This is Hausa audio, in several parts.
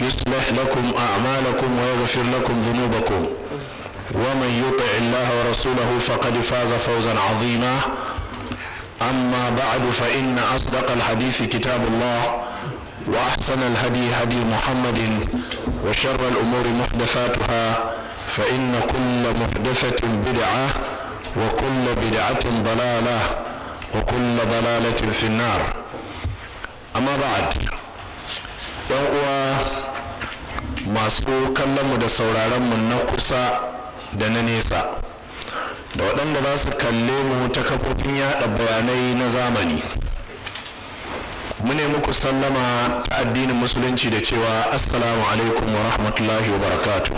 يصلح لكم أعمالكم ويغفر لكم ذنوبكم ومن يطع الله ورسوله فقد فاز فوزا عظيما أما بعد فإن أصدق الحديث كتاب الله وأحسن الهدي هدي محمد وشر الأمور محدثاتها فإن كل محدثة بدعة وكل بدعة ضلالة وكل ضلالة في النار أما بعد masu kallonmu da sauraronmu na kusa da na nesa da waɗanda za su kalle mu ta kafofin yaɗa bayanai na zamani mune muku sallama ta addinin musulunci da cewa assalamu alaikum wa rahmatullahi wa barakatu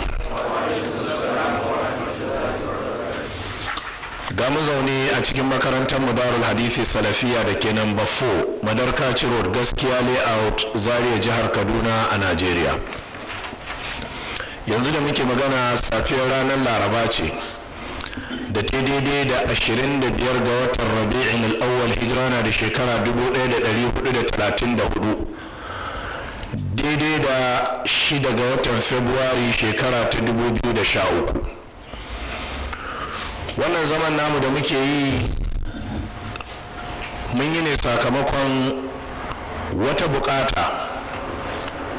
ga mu zaune a cikin makarantar mudarul hadisi salafiya da ke nan 4, madarkaci road gaskiya layout zaria jihar kaduna a najeriya yanzu da muke magana safiyar ranar laraba ce da ta daidai da biyar ga watan rabi'in al'awwal hijira na da shekara hudu daidai da shida ga watan februari shekara ta dubu biyu da sha uku wannan zaman namu da muke yi mun yi ne sakamakon wata bukata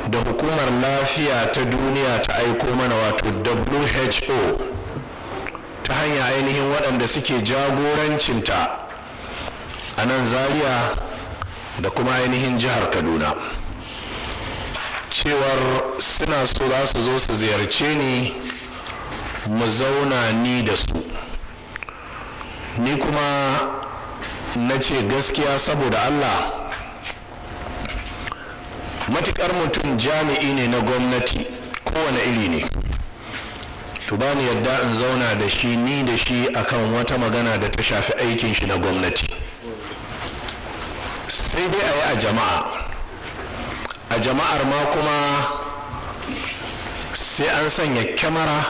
da hukumar lafiya ta duniya ta aiko mana wato who ta hanya ainihin waɗanda suke jagorancinta a nan zaria da kuma ainihin jihar kaduna cewar suna so za su zo su ziyarce ni mu zauna ni da su ni kuma na ce gaskiya saboda allah matuƙar mutum jami'i ne na gwamnati kowane iri ne to ba ni yadda in zauna da shi ni da shi akan wata magana da ta shafi aikin shi na gwamnati sai dai a yi a jama'a a jama'ar ma kuma sai an sanya kyamara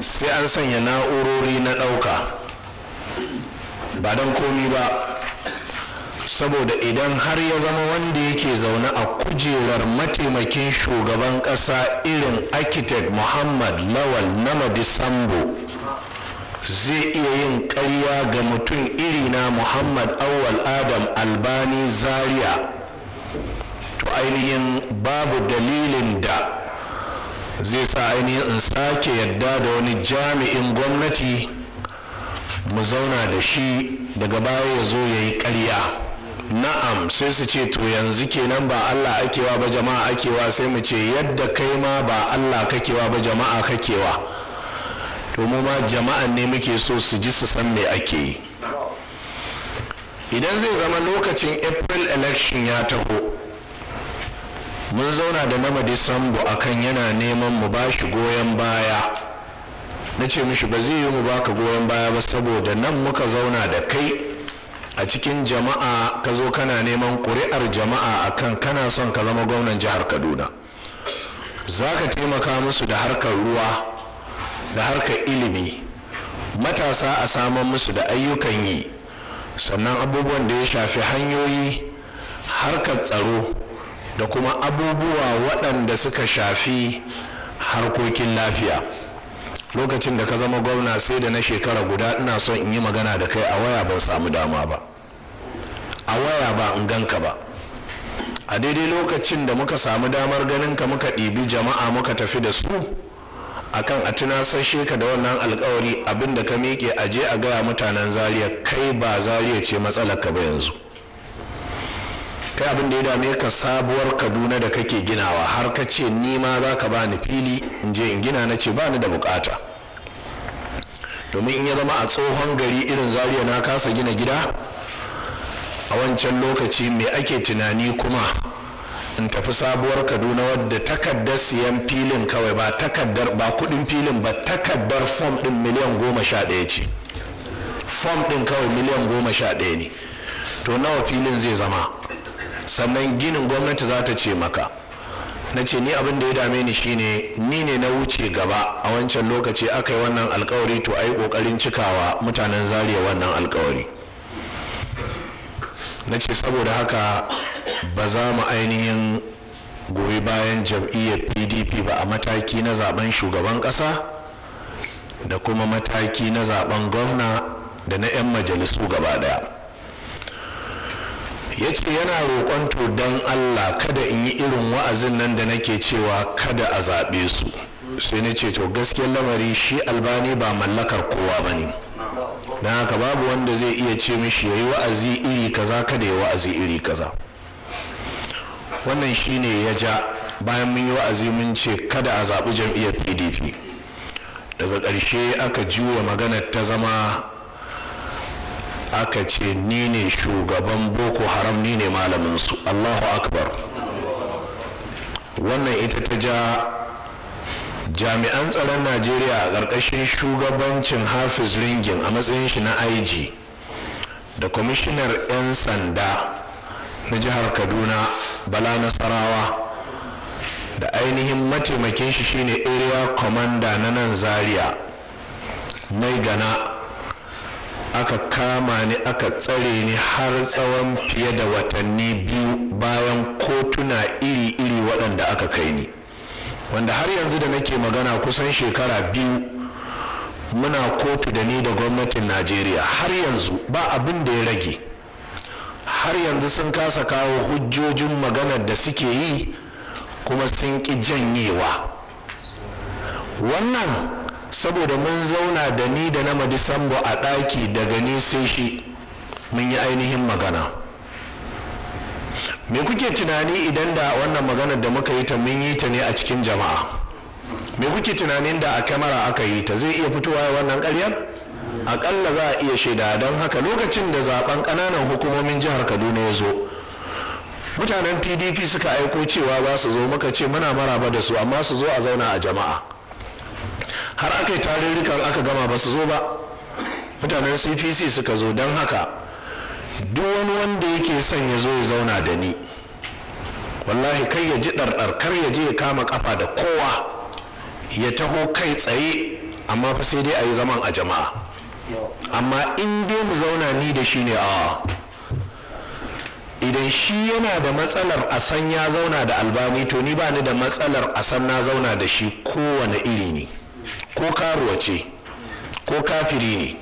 sai an sanya na'urori na ɗauka ba don komi ba saboda idan har ya zama wanda yake zaune a kujerar mataimakin shugaban kasa irin architect muhammad lawal na madisambo zai iya yin ƙarya ga mutum irina muhammad awal adam albani zaria to ainihin babu dalilin da zai sa ainihin in sake yadda da wani jami'in gwamnati mu zauna da shi daga baya ya zo ya yi ƙarya na'am sai su ce to yanzu kenan ba Allah akewa ba jama'a akewa sai mu ce yadda kai ma ba Allah kakewa ba jama'a kakewa to mu ma jama'an ne muke so su ji su san me ake yi idan zai zama lokacin april election ya taho mun zauna da nama disambu akan yana neman mu bashi goyon baya na ce mishi ba zai yi mu baka goyon baya ba saboda nan muka zauna da kai a cikin jama'a ka zo kana neman ƙuri'ar jama'a a kan kana son ka zama gwamnan jihar kaduna za ka taimaka musu da harkar ruwa da harkar ilimi matasa a saman musu da ayyukan yi sannan abubuwan da ya shafi hanyoyi harkar tsaro da kuma abubuwa waɗanda suka shafi harkokin lafiya lokacin da ka zama gwamna sai da na shekara guda ina son in yi magana da kai a waya ban samu dama ba a waya ba in ganka ba a daidai lokacin da muka samu damar ganin ka muka ɗibi jama'a muka tafi da su akan a tunasashe ka da wannan alkawari abinda ka miƙe a je a gaya mutanen zariya kai ba zariya ce matsalar ka ba yanzu kai abin da ya dame ka sabuwar kaduna da kake ginawa har ka ce ni ma za ka ba ni fili in je in gina na ce ba ni da bukata domin in ya zama a tsohon gari irin zariya na kasa gina gida a wancan lokaci mai ake tunani kuma in tafi sabuwar kaduna wadda takaddar siyan filin kawai ba takaddar ba kudin filin ba takaddar fom din miliyan goma sha ɗaya ce fom din kawai miliyan goma sha ɗaya ne to nawa filin zai zama sannan ginin gwamnati za ta ce maka na ce ni abin da ya dame ni shine ni ne na wuce gaba a wancan lokaci aka yi wannan alkawari to a yi kokarin cikawa mutanen zariya wannan alkawari na ce saboda haka ba za mu ainihin goyi bayan jam'iyyar pdp ba a mataki na zaben shugaban kasa da kuma mataki na zaben gwamna da na 'yan majalisu gaba daya ya ce yana roƙon to don allah kada in yi irin wa'azin nan da nake cewa kada a zaɓe su sai na ce to gaskiyar lamari shi albani ba mallakar kowa ba ne na haka babu wanda zai iya ce mishi ya yi wa'azi iri kaza kada ya wa'azi iri kaza wannan shi ne ya ja bayan mun yi wa'azi mun ce kada a zaɓi jam'iyyar pdp daga ƙarshe aka juya maganar ta zama aka ce ni ne shugaban boko haram ni ne malaminsu allahu akbar wannan ita ta ja jami'an tsaron najeriya a ƙarƙashin shugabancin hafiz ringin a matsayin shi na ig da kwamishinar 'yan sanda na jihar kaduna bala nasarawa da ainihin mataimakin shi shine area commander na nan zaria mai gana aka kama ni aka tsare ni har tsawon fiye da watanni biyu bayan kotuna iri-iri waɗanda aka kai ni wanda har yanzu da nake magana kusan shekara biyu muna kotu da ni da gwamnatin najeriya har yanzu ba abin da ya rage har yanzu sun kasa kawo hujjojin maganar da suke yi kuma sun ƙi janyewa wannan saboda mun zauna da ni da na madisambo a ɗaki daga ni sai shi mun yi ainihin magana me kuke tunani idan da wannan maganar da muka yi ta mun yi ta ne a cikin jama'a me kuke tunanin da a kyamara aka yi ta zai iya fitowa wannan karyar akalla za a iya shaida don haka lokacin da zaben ƙananan hukumomin jihar kaduna ya zo mutanen pdp suka aiko cewa za su zo muka ce muna maraba da su amma su zo a zauna a jama'a har aka yi tarurrukan aka gama ba su zo ba mutanen cpc suka zo don haka duk wani wanda yake son ya zo ya zauna da ni wallahi kai ya ji ɗarɗar kar ya je ya kama kafa da kowa ya taho kai tsaye amma fa sai dai a yi zaman a jama'a amma in dai mu zauna ni da shi ne a idan shi yana da matsalar a san ya zauna da albani to ni ba ni da matsalar a san na zauna da shi kowane iri ne ko karuwa ce ko kafiri ne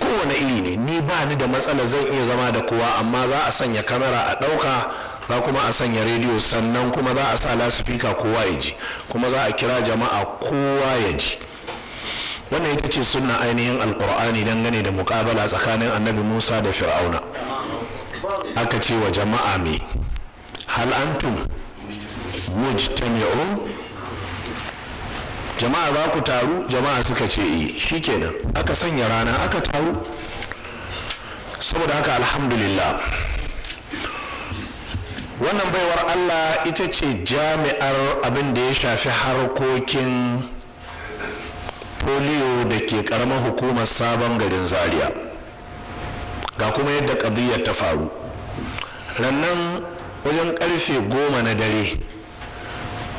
kowane iri ne ni ba ni da matsala zan iya zama da kowa amma za a sanya kamera a ɗauka za kuma a sanya rediyo sannan kuma za a sa lasifika kowa ya ji kuma za a kira jama'a kowa ya ji wannan ita ce sunna ainihin alkur'ani gane da mukabala tsakanin annabi musa da fir'auna aka ce wa jama'a me hal antum mujtami'un jama'a za ku taru jama'a suka ce yi eh, kenan aka sanya rana aka taru saboda haka alhamdulillah wannan baiwar allah ita ce jami'ar abin da ya shafi harkokin polio da ke karamar hukumar sabon garin zaria ga kuma yadda ƙadiyyar ta faru rannan wajen karfe goma na dare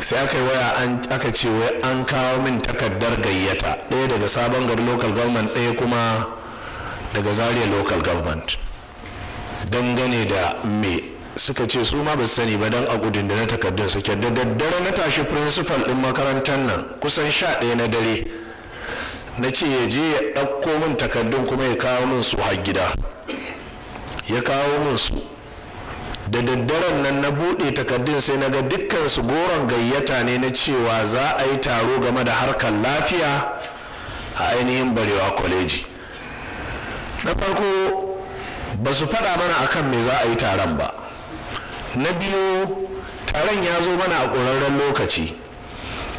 sai aka yi waya aka ce wai an kawo min takardar gayyata ɗaya daga sabon gari local government ɗaya kuma daga zaria local government dangane da me suka ce su ma ba su sani ba don a gudun da na takardun suke da daddare na tashi principal ɗin makarantar nan kusan sha ɗaya na dare na ce ya je ya ɗauko min takardun kuma ya kawo min su har gida ya kawo min su da daddaren nan na buɗe takardun sai na ga dukkan goron gayyata ne na cewa za a yi taro game da harkar lafiya a ainihin barewa kwaleji na farko ba su faɗa mana akan me za a yi taron ba na biyu taron ya zo mana a ƙurarren lokaci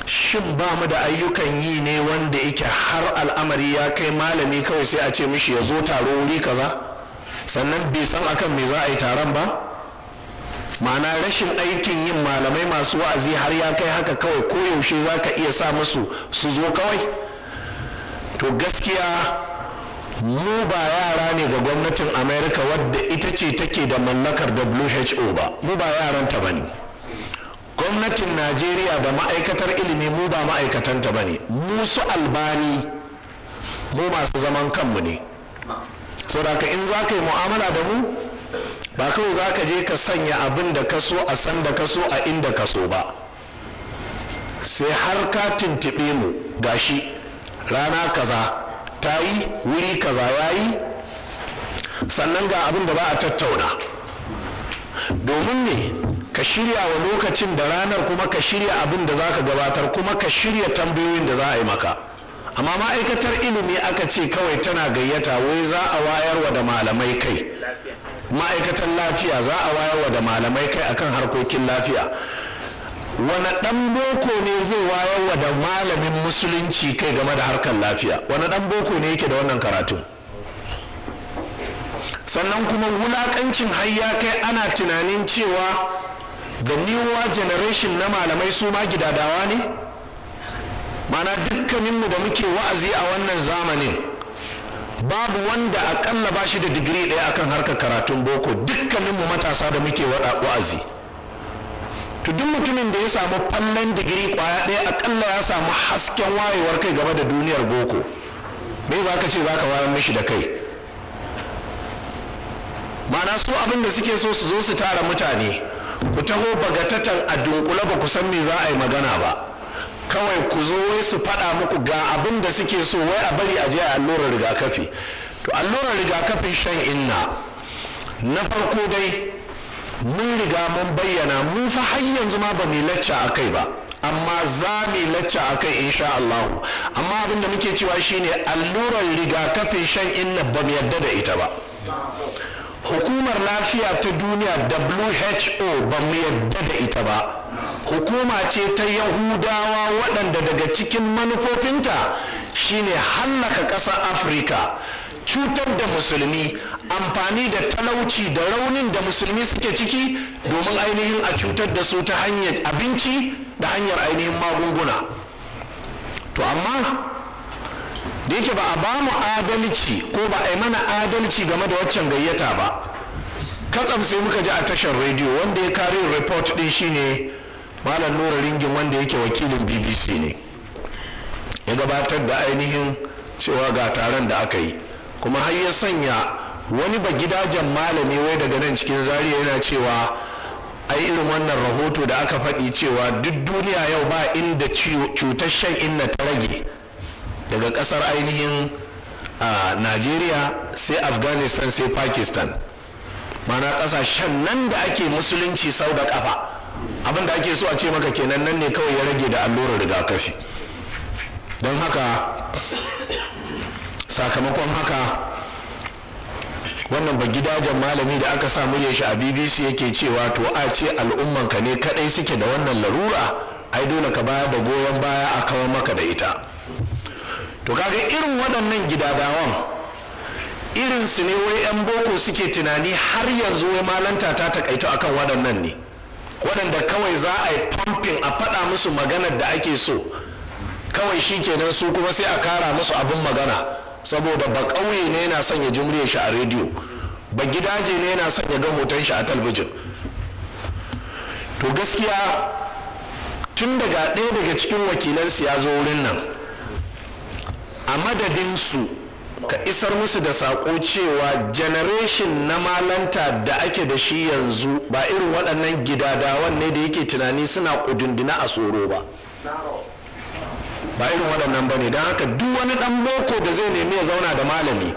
shin ba mu da ayyukan yi ne wanda yake har al'amari ya kai malami kawai sai a ce mishi ya zo taro wuri kaza sannan bai san akan me za a yi taron ba ma'ana rashin aikin yin malamai masu wa'azi har ya kai haka kawai koyaushe za ka iya sa musu su zo kawai to gaskiya mu ba yara ne ga gwamnatin america wadda ita ce take da mallakar who ba mu ba yaranta ba ne gwamnatin najeriya da ma'aikatar ilimi mu ba ma'aikatanta ba ne mu su albani mu masu zaman kanmu ne saboda in za ka yi mu'amala da mu ba kawai za ka je ka sanya abin da ka so a san da ka so a inda ka so ba sai har ka tuntuɓe mu gashi rana kaza ta yi wuri kaza ya yi sannan ga abin da ba a tattauna domin ne ka shirya wa lokacin da ranar kuma ka shirya abin da za ka gabatar kuma ka shirya tambayoyin da za a yi maka amma ma'aikatar ilimi aka ce kawai tana gayyata wai za a wayarwa da malamai kai ma'aikatan lafiya za a wayarwa da malamai kai akan harkokin lafiya wani ɗan boko ne zai wayarwa da malamin musulunci kai game da harkar lafiya wani ɗan boko ne yake da wannan karatu sannan kuma wulaƙancin hayya kai ana tunanin cewa da newer generation na malamai su ma gidadawa ne mana dukkaninmu da muke wa'azi a wannan zamanin babu wanda akalla ba shi da digiri ɗaya akan harkar karatun boko dukkaninmu matasa da muke wa'azi to duk mutumin da ya samu fallon digiri kwaya ɗaya akalla ya samu hasken wayewar kai game da duniyar boko me za ka ce za ka wayar mishi da kai ma'ana su abin da suke so su zo su tara mutane ku taho bagatatan a dunkule ba ku san me za a yi magana ba kawai ku zo wai su faɗa muku ga abin da suke so wai a bari a je a allurar rigakafi to allurar rigakafin shan inna na farko dai mun riga mun bayyana mun fa har yanzu ma ba mu lacca a kai ba amma za mu lacca a kai insha Allah amma abin da muke cewa shine allurar rigakafin shan inna ba mu yadda da ita ba hukumar lafiya ta duniya WHO ba mu yadda da ita ba hukuma ce ta yahudawa waɗanda daga cikin manufofinta shine hallaka ƙasar afirka cutar da musulmi amfani da talauci da raunin da musulmi suke ciki domin ainihin a cutar da su ta hanyar abinci da hanyar ainihin magunguna to amma da yake ba a ba mu adalci ko ba a yi mana adalci game da waccan gayyata ba katsam sai muka ji a tashar rediyo wanda ya kare report din shine malam nura ringin wanda yake wakilin bbc ne ya gabatar da ainihin cewa ga taron da aka yi kuma har ya sanya wani ba gidajen malami wai daga nan cikin zaria yana cewa ai irin wannan rahoto da aka faɗi cewa duk duniya yau ba inda cutar shan inna ta rage daga ƙasar ainihin a najeriya sai afghanistan sai pakistan mana ƙasashen nan da ake musulunci sau da ƙafa abin da ake so a ce maka kenan nan ne kawai ya rage da allurar rigakafi don haka sakamakon haka wannan ba gidajen malami da aka samu ya shi a bbc yake cewa to a ce al'ummanka ne kadai suke da wannan larura ai dole ka baya da goyon baya a kawo maka da ita to kaga irin waɗannan gidadawan irin su ne wai 'yan boko suke tunani har yanzu wai malanta ta takaito akan waɗannan ne waɗanda kawai za a yi pumping a faɗa musu maganar da ake so kawai shi kenan su kuma sai a kara musu abin magana saboda ba ƙauye ne yana sanya ya ji shi a rediyo ba gidaje ne yana son ya ga hoton shi a talbijin to gaskiya tun daga ɗaya daga cikin wakilansu ya zo wurin nan a madadinsu ka isar musu da sako cewa generation na malanta da ake da shi yanzu ba irin waɗannan gidadawan ne da yake tunani suna kudundina a tsoro ba ba irin waɗannan ba ne don haka duk wani ɗan boko da zai nemi ya zauna da malami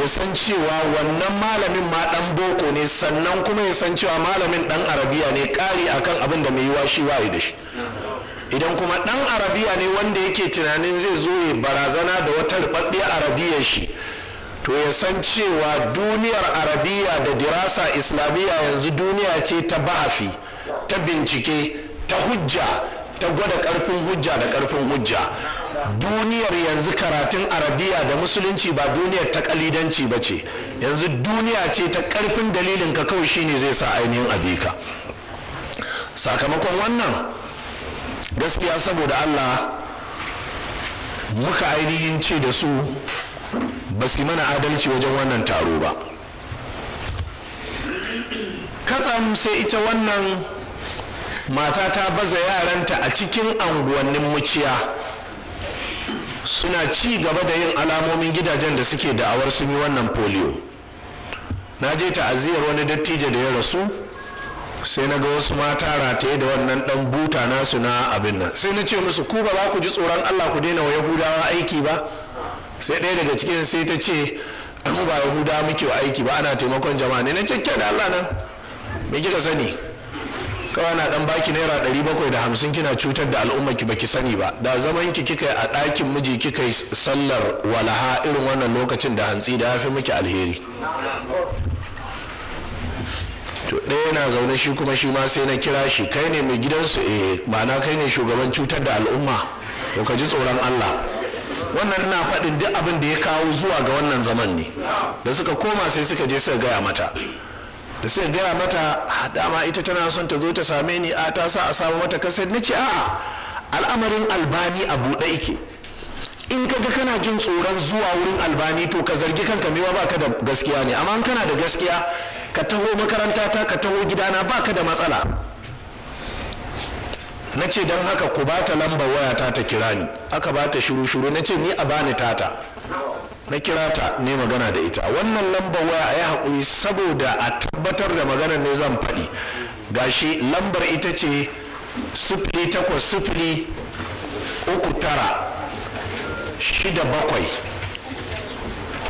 ya san cewa wannan malamin ma ɗan boko ne sannan kuma ya san cewa malamin ɗan arabiya ne ƙari akan abin da mai yiwa shi waye da shi idan kuma ɗan arabiya ne wanda yake tunanin zai zo ya barazana da wata rubabbiyar arabiya shi to ya san cewa duniyar arabiya da dirasa islamiyya yanzu duniya ce ta ba'afi ta bincike ta hujja ta gwada karfin hujja da karfin hujja duniyar yanzu karatun arabiya da musulunci ba duniyar ta kalidanci ba ce yanzu duniya ce ta karfin dalilin ka kawai shine zai sa ainihin abika sakamakon wannan gaskiya saboda allah muka ainihin ce da su ba su mana adalci wajen wannan taro ba katsam sai ita wannan mata ta baza yaranta a cikin anguwannin muciya suna ci gaba da yin alamomin gidajen da suke da'awar sun yi wannan polio na je ta'aziyar wani dattijo da ya rasu sai na ga wasu mata rataye da wannan dan buta nasu na abin nan sai na ce musu ku ba za ku ji tsoron Allah ku daina wa yahudawa aiki ba sai ɗaya daga cikin sai ta ce an ba Yahuda muke wa aiki ba ana taimakon jama'a ne na ce da Allah nan me kika sani kawai na dan baki naira ɗari bakwai da hamsin kina cutar da al'umma ki baki sani ba da zaman ki kika a ɗakin miji kika sallar walaha irin wannan lokacin da hantsi da ya fi miki alheri to ɗaya yana zaune shi kuma shi ma sai na kira shi kai ne mai gidansu eh ma'ana kai ne shugaban cutar da al'umma to ka ji tsoron Allah wannan ina faɗin duk abin da ya kawo zuwa ga wannan zaman ne da suka koma sai suka je suka gaya mata da sai gaya mata ah, dama ita tana son ta zo ta same ni a ah, ta sa a samu mata kasar na ce a'a al'amarin albani a buɗe ike in ka ga kana jin tsoron zuwa wurin albani to ka zargi kanka mewa baka da gaskiya ne amma kana da gaskiya ka taho makaranta ta ka taho gidana baka da matsala na ce don haka ku ba ta lambar waya ta ta kira ni aka ba ta shuru shuru na ce ni a bani tata na kira ta ne magana da ita wannan lambar waya a yi haƙuri saboda a tabbatar da maganar ne zan faɗi gashi lambar ita ce sifili takwas sifili uku tara shida bakwai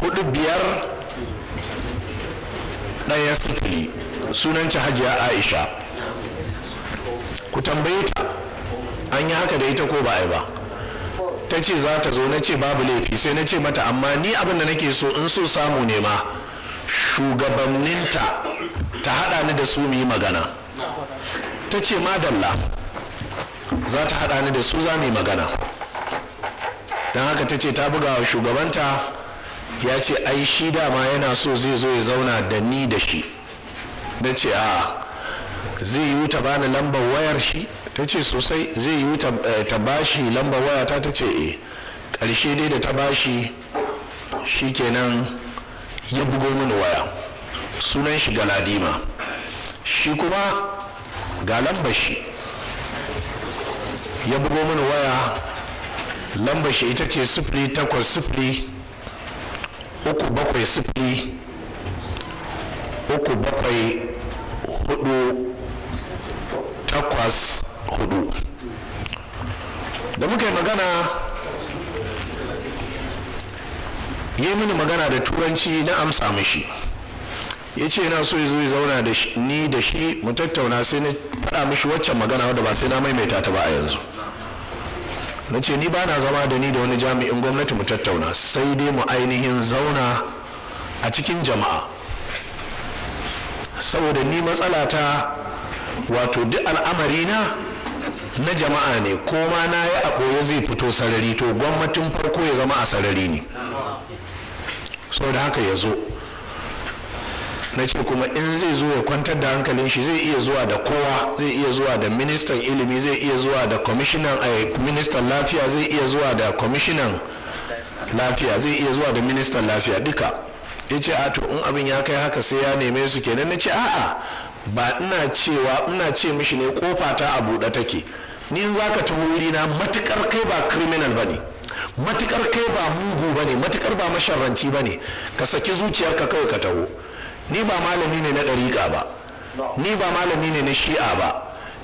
hudu biyar ɗaya sifili sunanci hajiya aisha ku tambaye ta an yi haka da ita ko ba a yi ba ta ce za ta zo na ce babu laifi sai na ce mata amma ni abin da nake so in so samu ne ma shugabanninta ta haɗa ni da su mu yi magana ta ce madalla za ta haɗa ni da su za mu yi magana don haka ta ce ta buga wa shugabanta ya ce ai shi dama yana so zai zo ya zauna da ni da shi na ce a zai yi ta bani lambar wayar shi ta ce sosai zai yi ta eh, bashi lambar waya ta ta ce e ƙarshe dai da ta bashi shi kenan ya bugo mini waya sunan shi ga ladima shi kuma ga lambar shi ya bugo mini waya lambar shi ita ce sufuri takwas sufuri. uku bakwai sifili uku bakwai hudu takwas hudu da muka yi magana ya mini magana da turanci na amsa mishi ya ce yana so ya zo ya zauna da ni da shi mu tattauna sai na faɗa mashi waccan magana wadda ba sai na maimaita ta ba a yanzu na ce ni ba na zama da ni da wani jami'in gwamnati mu tattauna sai dai mu ainihin zauna a cikin jama'a saboda ni matsala ta wato duk al'amari na na jama'a ne ko ma na yi a ɓoye zai fito sarari to gwamnatin farko ya zama a sarari ne saboda haka ya zo na ce kuma in zai zo ya kwantar da hankalin shi zai iya zuwa da kowa zai iya zuwa da ministan ilimi zai iya zuwa da kwamishinan eh, ministan lafiya zai iya zuwa da kwamishinan lafiya zai iya zuwa da ministan lafiya duka ya ce a to in abin ya kai haka sai ya neme su kenan na ce a'a ba ina cewa ina ce mishi ne kofa ta a buɗe take ni in zaka ta wuri na matukar kai ba criminal bane matukar kai ba mugu bane matukar ba masharranci bane ka saki zuciyarka kawai ka taho ni ba malami ne na ɗariƙa ba ni ba malami ne na shi'a ba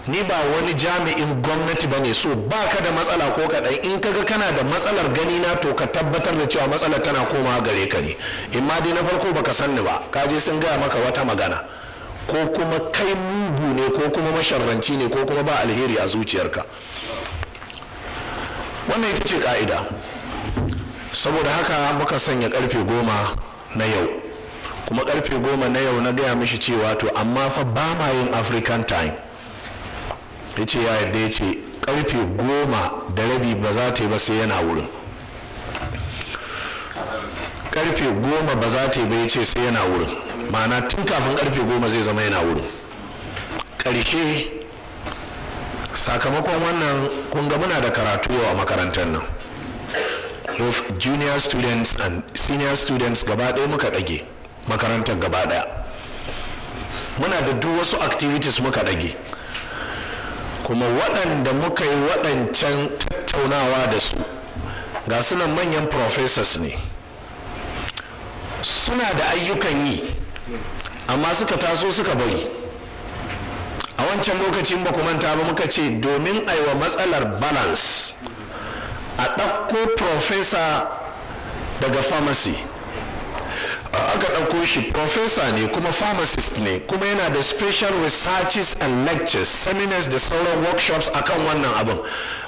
ni ba wani jami'in gwamnati ba ne so ba ka da matsala ko kaɗai in ka ga kana da matsalar gani na to ka tabbatar da cewa matsalar tana koma gare ka ne in ma dai na farko baka san ni ba ka je sun gaya maka wata magana ko kuma kai mugu ne ko kuma masharranci ne ko kuma ba alheri a zuciyarka wannan ita ce ka'ida saboda haka muka sanya karfe goma na yau kuma karfe goma na yau na gaya mishi cewa to amma fa ba ma yin african time ya ce ya yarda ya ce karfe goma da rabi ba za ta yi ba sai yana wurin karfe goma ba za ta yi ba ya ce sai yana wurin ma'ana tun kafin karfe goma zai zama yana wurin ƙarshe sakamakon wannan kun ga muna da karatu a makarantar nan both junior students and senior students gaba ɗaya muka ɗage makarantar gaba daya muna da duk wasu activities muka rage kuma waɗanda muka yi waɗancan tattaunawa da su ga sunan manyan professors ne suna da ayyukan yi amma suka taso suka bari a wancan lokacin ba manta ba muka ce domin aiwa matsalar balance a ɗauko professor daga pharmacy aka ɗauko shi professor ne kuma pharmacist ne kuma yana da special researches and lectures seminars da sauran workshops akan wannan abin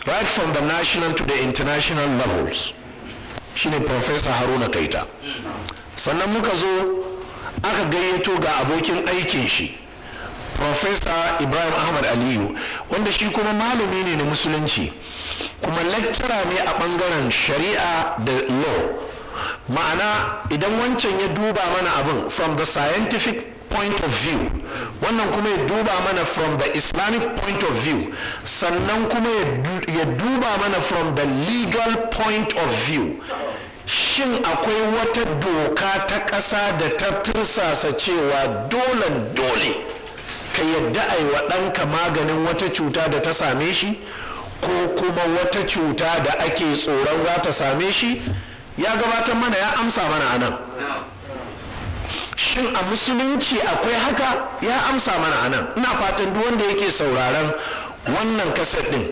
right from the national to the international levels shine professor haruna kaita sannan muka zo aka gayyato ga abokin aikin shi professor ibrahim ahmad aliyu wanda shi kuma malami ne na musulunci kuma lecturer ne a ɓangaren shari'a da law ma'ana idan wancan ya duba mana abin from the scientific point of view wannan kuma ya duba mana from the islamic point of view sannan kuma ya duba mana from the legal point of view shin akwai wata doka ta ƙasa da ta tursasa cewa dole dole ka yadda a yi wa ɗanka maganin wata cuta da ta same shi ko kuma wata cuta da ake tsoron za ta same shi ya gabatar mana ya amsa mana a nan shin a musulunci akwai haka ya amsa mana a nan ina fatan duk wanda yake sauraron wannan kaset din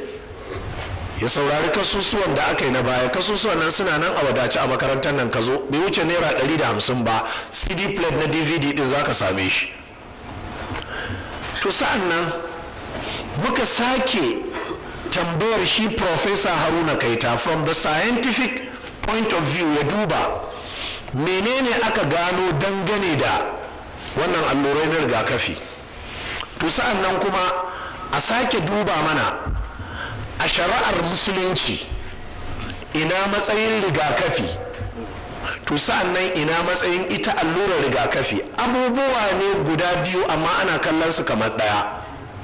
ya saurari kasusuwan da aka yi na baya kasusuwan nan suna nan a wadace a makarantar nan ka zo bai wuce naira hamsin ba cd plate na dvd din ka same shi to sa'an nan muka sake tambayar shi professor haruna kaita from the scientific point of view ya duba menene aka gano dangane da wannan allurai na rigakafi to sa'an nan kuma a sake duba mana a shari'ar musulunci ina matsayin rigakafi to sa'an nan ina matsayin ita allurar rigakafi abubuwa ne guda biyu amma ana kallon su kamar ɗaya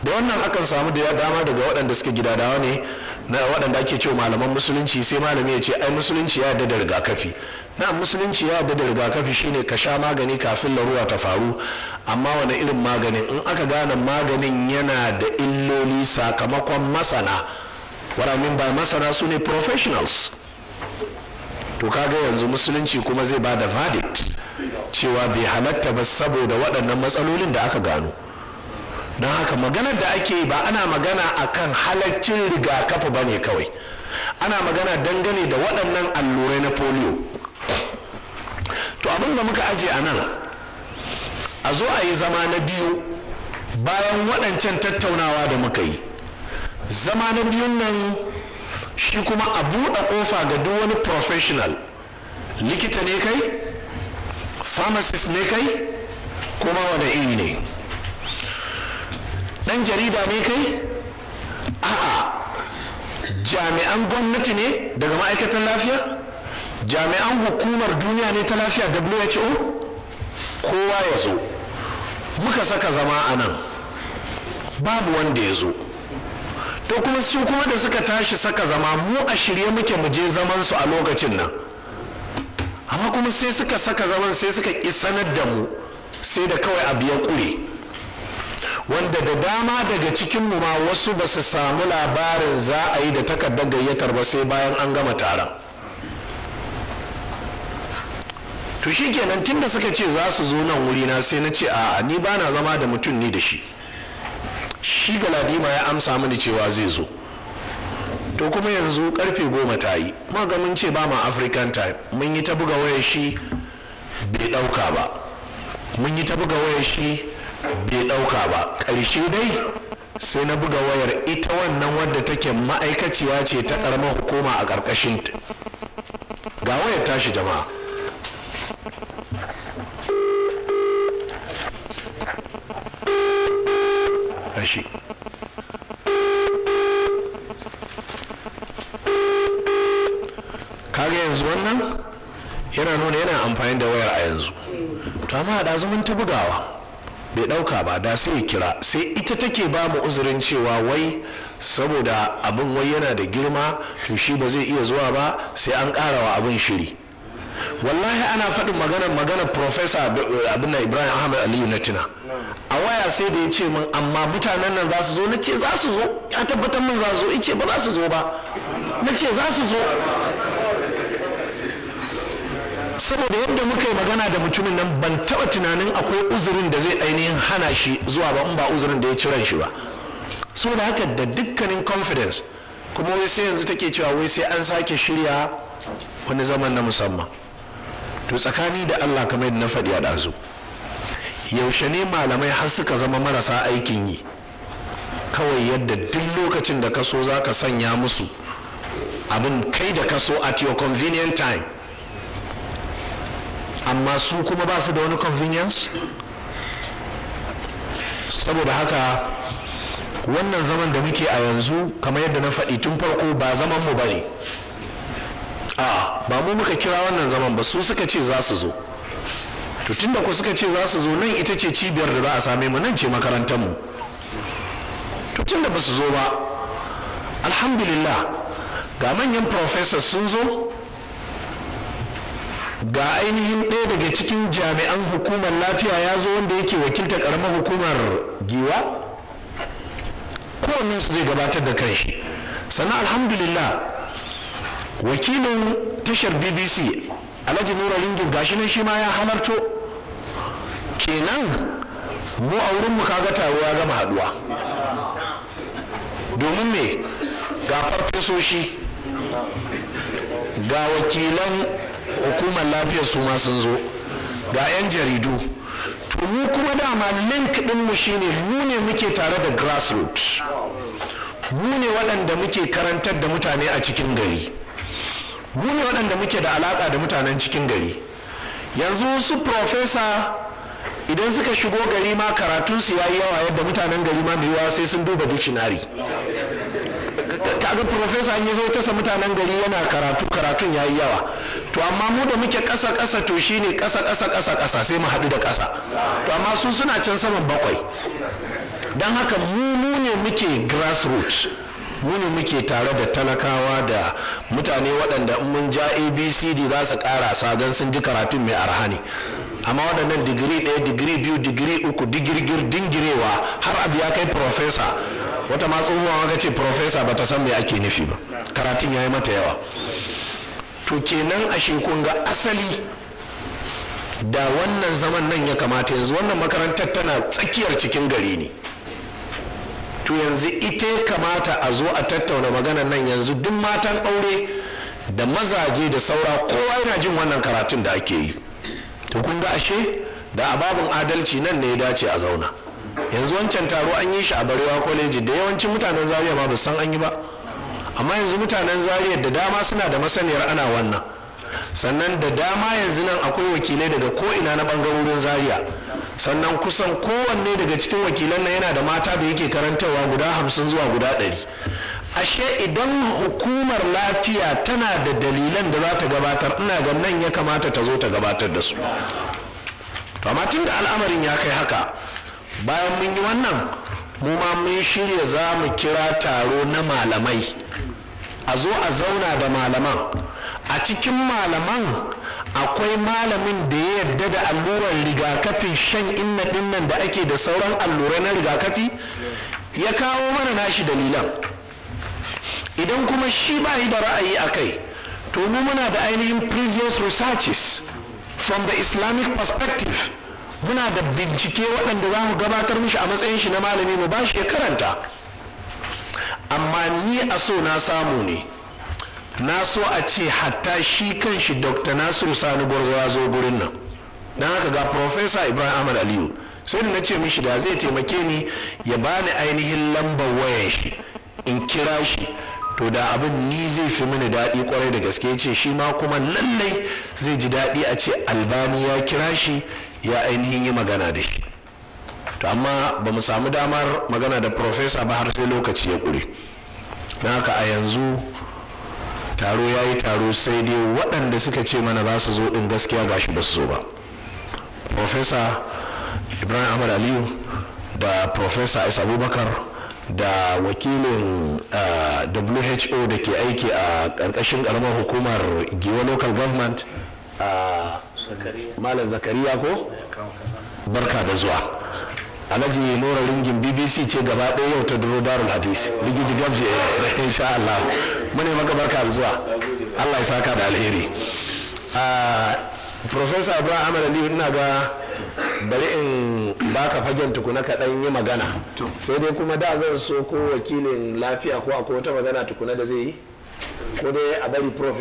da wannan akan samu da dama daga waɗanda suke gidadawa ne na waɗanda ake cewa malaman musulunci sai malami ya ce ai musulunci ya yarda da rigakafi na musulunci ya yarda da rigakafi shine ka sha magani kafin laruwa ta faru amma wani irin magani in aka gane maganin yana da illoli sakamakon masana waramin ba masana su ne professionals to kaga yanzu musulunci kuma zai ba da verdict cewa bai halatta ba saboda waɗannan matsalolin da aka gano don haka maganar da ake ba ana magana a kan halaccin rigakafi ba ne kawai ana magana dangane da waɗannan allurai na polio to abin da muka aje a nan a zo a yi zama na biyu bayan waɗancan tattaunawa da muka yi zama na biyun nan shi kuma a buɗe ƙofa ga duk wani professional likita ne kai pharmacist ne kai kuma wani iri ne ɗan jarida ne kai a'a jami'an gwamnati ne daga ma'aikatan lafiya jami'an hukumar duniya ne ta lafiya who kowa ya zo muka saka zama a nan babu wanda ya zo to kuma su kuma da suka tashi saka zama mu a shirye muke mu je zaman su a lokacin nan amma kuma sai suka saka zaman sai suka ki sanar da mu sai da kawai a ya kure. wanda da dama daga cikinmu ma wasu ba su samu labarin za a yi da takardar gayyatar ba sai bayan an gama taron to shi kenan da suka ce za su zo nan wuri na sai na ce a ni ba na zama da mutum ni da shi shi galadima ya amsa mini cewa zai zo to kuma yanzu karfe goma ta yi ga mun ce ba ma african time mun yi ta buga wayar shi bai ɗauka ba mun yi ta buga wayar shi bai ɗauka ba ƙarshe dai sai na buga wayar ita wannan wadda take ma'aikaciya ce ta ƙaramar hukuma a ƙarƙashin ga wayar tashi jama'a kaga yanzu wannan yana nuna yana amfani da wayar a yanzu to amma da bugawa bai dauka ba da sai kira sai ita take ba mu uzurin cewa wai saboda abin wai yana da girma to shi ba zai iya zuwa ba sai an ƙarawa abin shiri wallahi ana faɗin maganar maganar profesa abin ibrahim ahmed aliyu na a waya sai da ya ce min amma mutanen nan za su zo na ce za su zo ya tabbatar min za su zo ice ba za su zo ba na ce za su zo saboda yadda muka yi magana da mutumin nan ban taɓa tunanin akwai uzurin da zai ainihin hana shi zuwa ba in ba uzurin da ya ci shi ba da haka da dukkanin confidence kuma wai sai yanzu take cewa wai sai an sake shirya wani zaman na musamman to tsakani da allah kamar na faɗi a ɗazu yaushe ne malamai har suka zama marasa aikin yi kawai yadda duk lokacin da kaso so za ka sanya musu abin kai da ka so at your convenient time amma su kuma ba su da wani convenience saboda haka wannan zaman da muke a yanzu kamar yadda na faɗi tun farko ba zaman mu ba a ba mu muka kira wannan zaman ba su suka ce za su zo to da ku suka ce za su zo nan ita ce cibiyar da za a same mu nan ce makarantar mu to da ba su zo ba alhamdulillah ga manyan professors sun zo ga ainihin ɗaya daga cikin jami'an hukumar lafiya ya zo wanda yake wakilta ƙaramar hukumar giwa kowannen su zai gabatar da kanshi sannan alhamdulillah wakilin tashar bbc alhaji nura ringin gashi nan shi ma ya halarto kenan mu a wurinmu kaga taro ya gama haduwa domin me ga farfesoshi ga wakilan hukumar lafiyar su ma sun zo ga 'yan jaridu to mu kuma dama link ɗinmu shine mu ne muke tare da grassroots mu ne waɗanda muke karantar da mutane a cikin gari mu ne waɗanda muke da alaƙa da mutanen cikin gari yanzu su profesa idan suka shigo gari ma karatunsu ya yi yawa yadda mutanen gari ma mai yawa sai sun duba dictionary kaga profesa an yi zo tasa mutanen gari yana karatu karatun ya yi yawa to amma mu da muke ƙasa ƙasa to shine ƙasa ƙasa ƙasa ƙasa sai mu haɗu da kasa to amma su suna can saman bakwai don haka mu mu ne muke grassroots mu ne muke tare da talakawa da mutane waɗanda mun ja abcd za su ƙarasa don sun ji karatun mai arhani amma waɗannan digiri ɗaya digiri biyu digiri uku digirgir dingirewa har abu ya kai profesa wata ma tsohuwa aka ce profesa ba ta san me ake nufi ba karatun ya yi mata yawa to kenan ashe kun ga asali da wannan zaman nan ya kamata yanzu wannan makarantar tana tsakiyar cikin gari ne to yanzu ita kamata a zo a tattauna maganar nan yanzu duk matan aure da mazaje da saura kowa yana jin wannan karatun da ake yi to kun ga ashe da ababin adalci nan ne ya dace a zauna yanzu wancan taro an yi shi a barewa kwaleji da yawancin mutanen zariya ma ba san an yi ba amma yanzu mutanen zariya da dama suna da masaniyar ana wannan sannan da dama yanzu nan akwai wakilai daga ko'ina na bangarorin zariya sannan kusan kowanne daga cikin wakilan nan yana da mata da yake karantarwa guda hamsin zuwa guda ɗari ashe idan hukumar lafiya tana da dalilan da za ta gabatar ina ga nan ya kamata ta zo ta gabatar da su amma tun da al'amarin ya kai haka bayan mun yi wannan mu ma mun shirya za mu kira taro na malamai a zo a zauna da malaman a cikin malaman akwai malamin da ya yarda da allurar rigakafin shan inna dinnan da ake da sauran allurai na rigakafi ya kawo mana nashi dalilan idan kuma shi ba yi da ra'ayi a kai to mu muna da ainihin previous researches from the islamic perspective muna da bincike waɗanda za mu gabatar mishi a matsayin shi na malami mu ba shi ya karanta amma ni a so na samu ne na so a ce hatta shi kan shi dr nasiru sani gwarzo zo gurin nan don haka ga profesa ibrahim ahmad aliyu sai da na ce mishi da zai taimake ni ya bani ainihin lambar wayan shi in kira shi to da abin ni zai fi mini daɗi kwarai da gaske ce shi ma kuma lallai zai ji daɗi a ce albani ya kira shi ya ainihin yi magana da shi to amma ba mu samu damar magana da profesa ba har sai lokaci ya kure na haka a yanzu taro ya yi taro sai dai waɗanda suka ce mana za su zo ɗin gaskiya gashi ba su zo ba profesa ibrahim ahmad aliyu da profesa isa abubakar da wakilin uh, eh, who da ke aiki a ƙarƙashin ƙaramar hukumar giwa local government a malam zakariya ko barka da zuwa alhaji nora ringin bbc ce gaba ɗaya yau ta duro darul hadis rigiji gabje sha Allah mune maka barka da zuwa Allah ya saka da alheri Professor Ibrahim Ali ina ga bari in baka fagen tukuna kaɗan yi magana sai dai kuma da zan so ko wakilin lafiya ko akwai wata magana tukuna da zai yi ko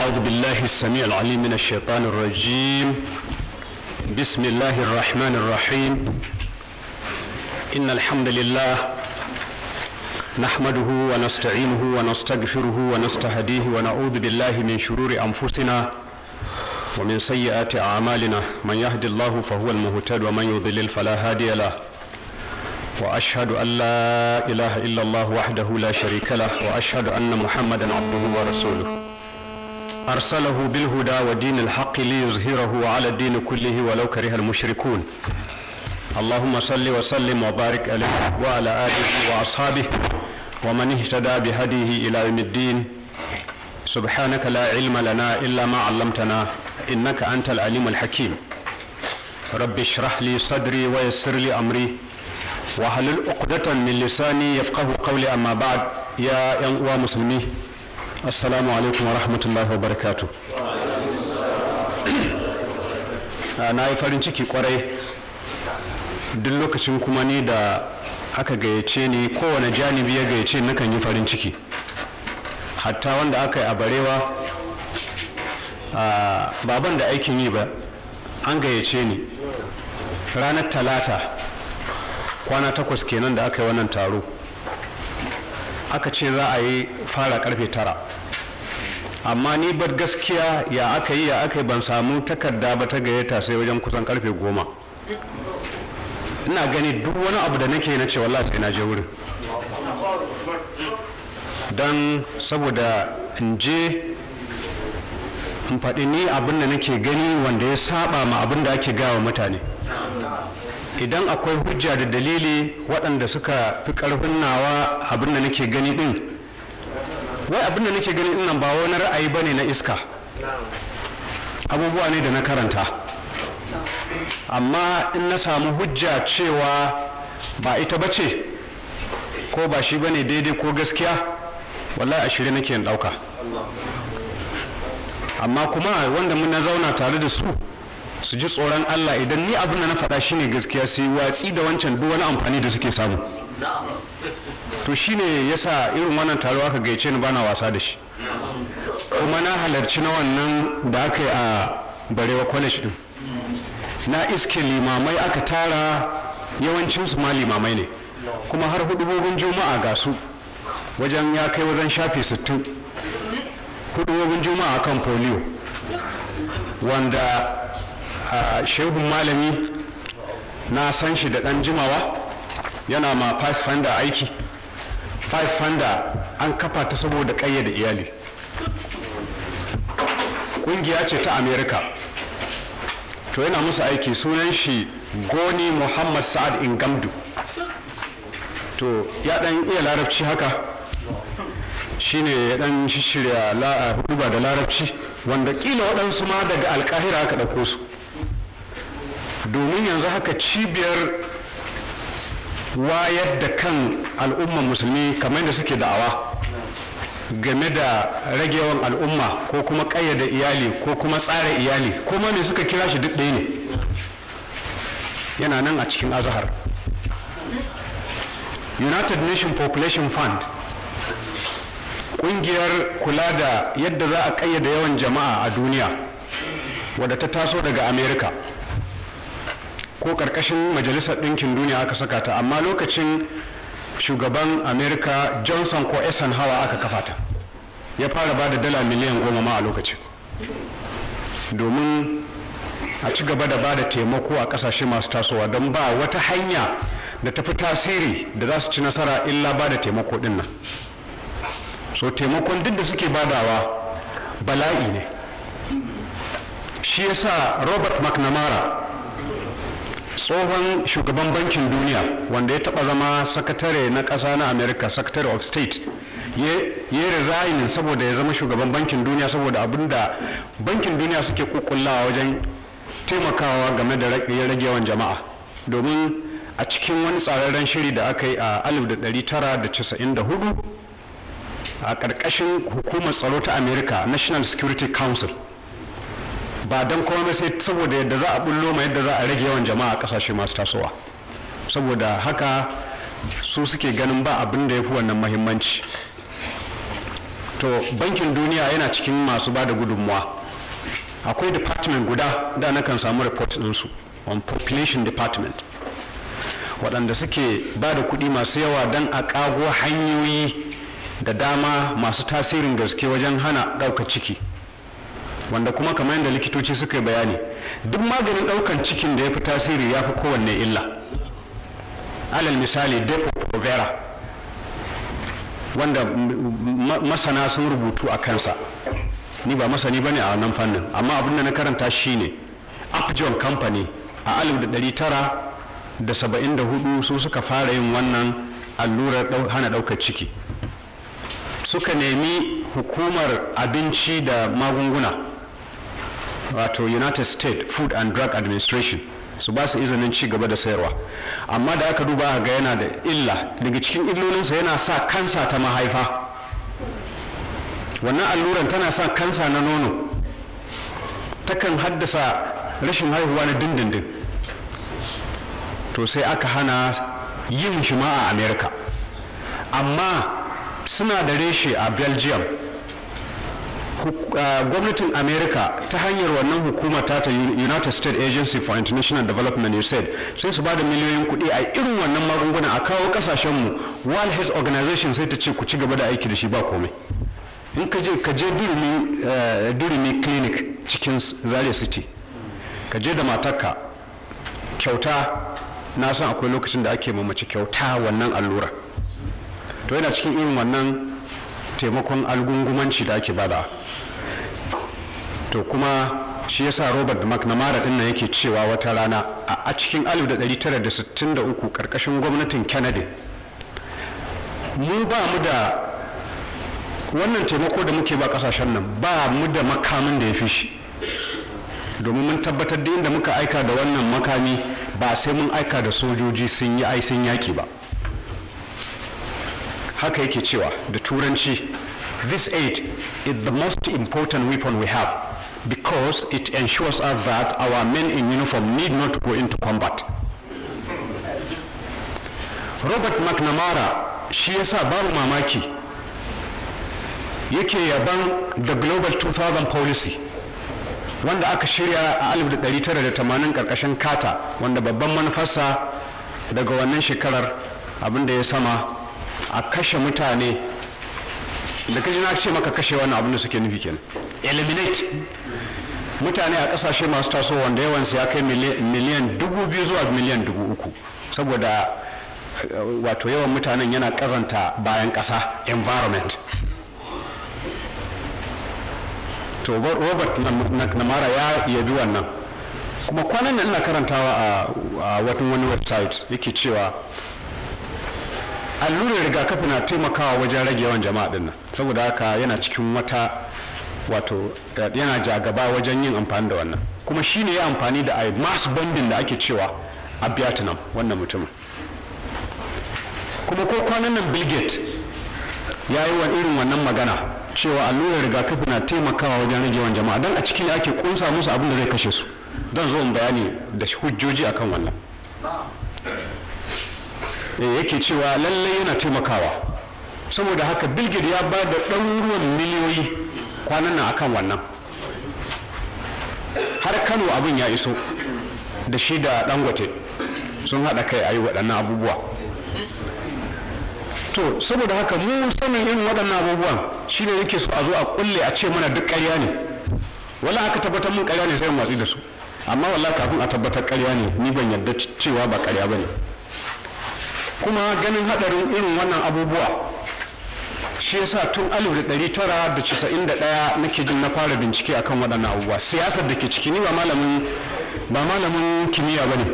أعوذ بالله السميع العليم من الشيطان الرجيم بسم الله الرحمن الرحيم إن الحمد لله نحمده ونستعينه ونستغفره ونستهديه ونعوذ بالله من شرور أنفسنا ومن سيئات أعمالنا من يهد الله فهو المهتد ومن يضلل فلا هادي له واشهد ان لا اله الا الله وحده لا شريك له واشهد ان محمدا عبده ورسوله ارسله بالهدى ودين الحق ليظهره على الدين كله ولو كره المشركون اللهم صل وسلم وبارك عليه وعلى اله واصحابه ومن اهتدى بهديه الى يوم الدين سبحانك لا علم لنا الا ما علمتنا انك انت العليم الحكيم رب اشرح لي صدري ويسر لي امري wahalul uqdatan min lisani yafqahu qawli amma ba'd ya yan uwa musulmi assalamu alaikum wa rahmatullahi wa barakatuh ah, na yi farin ciki kwarai duk lokacin kuma ni da aka gayyace ni kowane janibi ya gayyace ni kan yi farin ciki hatta wanda aka yi a barewa ah, baban da aikin yi ba an gayyace ni ranar talata kwana takwas kenan da aka yi wannan taro aka ce za a yi fara karfe tara amma ni bar gaskiya ya aka yi ya aka yi ban samu takarda ba ta gayyata sai wajen kusan karfe goma ina gani duk wani abu da nake na ce wallah sai na je wurin don saboda in je in faɗi ni abin da nake gani wanda ya saba ma abin da ake gawa mutane idan akwai hujja da dalili waɗanda suka fi ƙarfin nawa abin da nake gani ɗin wai abin da nake gani ɗin ba wani ra'ayi ba ne na iska abubuwa ne da na karanta amma in na samu hujja cewa ba ita ba ce ko ba shi ba ne daidai ko gaskiya wallahi ashirin nake ɗauka amma kuma wanda muna zauna tare da su su ji tsoron Allah idan ni abin da na faɗa shi ne gaskiya sai watsi da wancan duk wani amfani da suke samu to shi ne ya sa irin wannan taro aka gaice ni bana wasa da shi kuma na halarci na wannan da aka yi a barewa college din na iske limamai aka tara yawancinsu ma limamai ne kuma har bugun juma'a ga su wajen ya kai wajen shafe sittin bugun juma'a kan polio wanda shehun malami na san shi da ɗan jimawa yana ma pathfinder aiki pathfinder an kafa ta saboda ƙayyada iyali ƙungiya ce ta america to yana musu aiki sunan shi goni muhammad sa'ad in Gamdu to ya ɗan iya larabci haka shine ya ɗan shirya huduba da larabci wanda kila waɗansu ma daga alkahira aka ɗauko su domin yanzu haka cibiyar wayar da kan al'umma musulmi kamar da suke da'awa game da rage yawan al'umma ko kuma ƙayyade iyali ko kuma tsara iyali kuma ne suka kira shi duk ɗaya ne yana nan a cikin azahar united nation population fund ƙungiyar kula da yadda za a ƙayyade yawan jama'a a duniya wadda ta taso daga america ko karkashin majalisar ɗinkin duniya aka saka ta amma lokacin shugaban america johnson ko hawa aka kafa ta ya fara ba da dala miliyan goma ma a lokacin domin a ci gaba da ba da taimako a kasashe masu tasowa don ba wata hanya da tafi tasiri da za su ci nasara illa ba da taimako din nan so taimakon duk da suke badawa bala'i ne shi yasa robert mcnamara tsohon shugaban bankin duniya wanda ya taba zama sakatare na kasa na america secretary of state ya resign saboda ya zama shugaban bankin duniya saboda abin da bankin duniya suke kukullawa wajen taimakawa game da rage yawan jama'a domin a cikin wani tsararren shiri da aka yi a 1994 a ƙarƙashin hukumar tsaro ta america national security council ba don komai sai saboda yadda za a bullo ma yadda za a rage yawan jama'a a kasashe masu tasowa saboda haka su suke ganin ba abin da ya fi wannan mahimmanci to bankin duniya yana cikin masu ba da gudunmuwa akwai department guda da na kan samu report ɗinsu on population department waɗanda suke ba da kuɗi masu yawa don a ƙago hanyoyi da dama masu tasirin gaske wajen hana ɗaukar ciki wanda kuma kamar yadda likitoci suka yi bayani duk maganin ɗaukan cikin da ya fi tasiri ya fi kowanne illa alal misali depo provera wanda masana sun rubutu a kansa ni ba masani ba ne a wannan fannin amma abin da na karanta shi ne upjohn company a 1974 su suka fara yin wannan allurar hana daukar ciki suka nemi hukumar abinci da magunguna wato united state food and drug administration su ba su izinin ci gaba da sayarwa amma da aka duba a ga yana da illa daga cikin illolinsa yana sa kansa ta mahaifa wannan alluran tana sa kansa na nono takan haddasa rashin haihuwa na dindindin to sai aka hana yin shima a america amma suna da reshe a belgium Uh, gwamnatin america ta hanyar wannan hukumar ta ta united states agency for international development usaid sai su ba da miliyoyin kuɗi a irin wannan magunguna a kawo kasashenmu world health organization sai ta ce ku ci gaba da aiki da shi ba komai in ka je ka je durumi uh, clinic cikin zaria city ka je da matakka kyauta na san akwai lokacin da ake mamaci kyauta wannan allura to yana cikin irin wannan taimakon algungumanci da ake bada to kuma shi yasa robert mcnamara din nan yake cewa wata rana a cikin 1963 karkashin gwamnatin kennedy mu ba mu da wannan taimako da muke ba kasashen nan ba mu da makamin da ya fi shi domin mun tabbatar da inda muka aika da wannan makami ba sai mun aika da sojoji sun yi aisin yaki ba haka yake cewa da turanci this aid is the most important weapon we have because it ensures us that our men in uniform need not go into combat. Robert McNamara shi yasa babu mamaki yake yaban the Global 2000 Policy wanda aka shirya a 1980 karkashin kata wanda babban manufarsa daga wannan shekarar abinda ya sama a kashe mutane da kaji na ce maka kashe wannan abin da suke nufi kenan eliminate mutane a kasashe masu taso wanda yawansu ya kai miliyan dubu biyu zuwa miliyan dubu uku saboda eh, wato yawan mutanen yana kazanta bayan kasa environment to robert mara ya yabi wannan kuma kwanan nan ina karantawa a watan wani website yake cewa allurar rigakafi na taimakawa wajen rage yawan jama'a din nan saboda haka yana cikin wata wato yana jagaba wajen yin amfani da wannan kuma shi ne ya amfani da ai mass bonding da ake cewa a vietnam wannan mutumin kuma ko kwanan nan bill gates ya yi wa irin wannan magana cewa allurar rigakafi na taimakawa wajen rage yawan jama'a don a ciki ne ake kunsa musu abin da zai kashe su don zo in bayani da hujjoji akan wannan Eh, yake cewa lallai yana taimakawa saboda haka bilgid ya ba da ɗaruruwan miliyoyi kwanan nan akan wannan har kano abin ya iso da shi da dangote sun haɗa kai a yi waɗannan abubuwa to saboda haka mu sanin yin waɗannan abubuwan shi ne yake so a zo a kulle a ce mana duk ƙarya ne wala aka tabbatar mun ƙarya ne sai watsi da su amma wala kafin a tabbatar ƙarya ne ni ban yarda cewa ba ƙarya ba ne kuma ganin hadarin irin wannan abubuwa shi yasa tun da 1991 nake jin na fara bincike akan waɗannan abubuwa siyasar da ke ciki ni ba malamin ba malamin kimiyya ba ne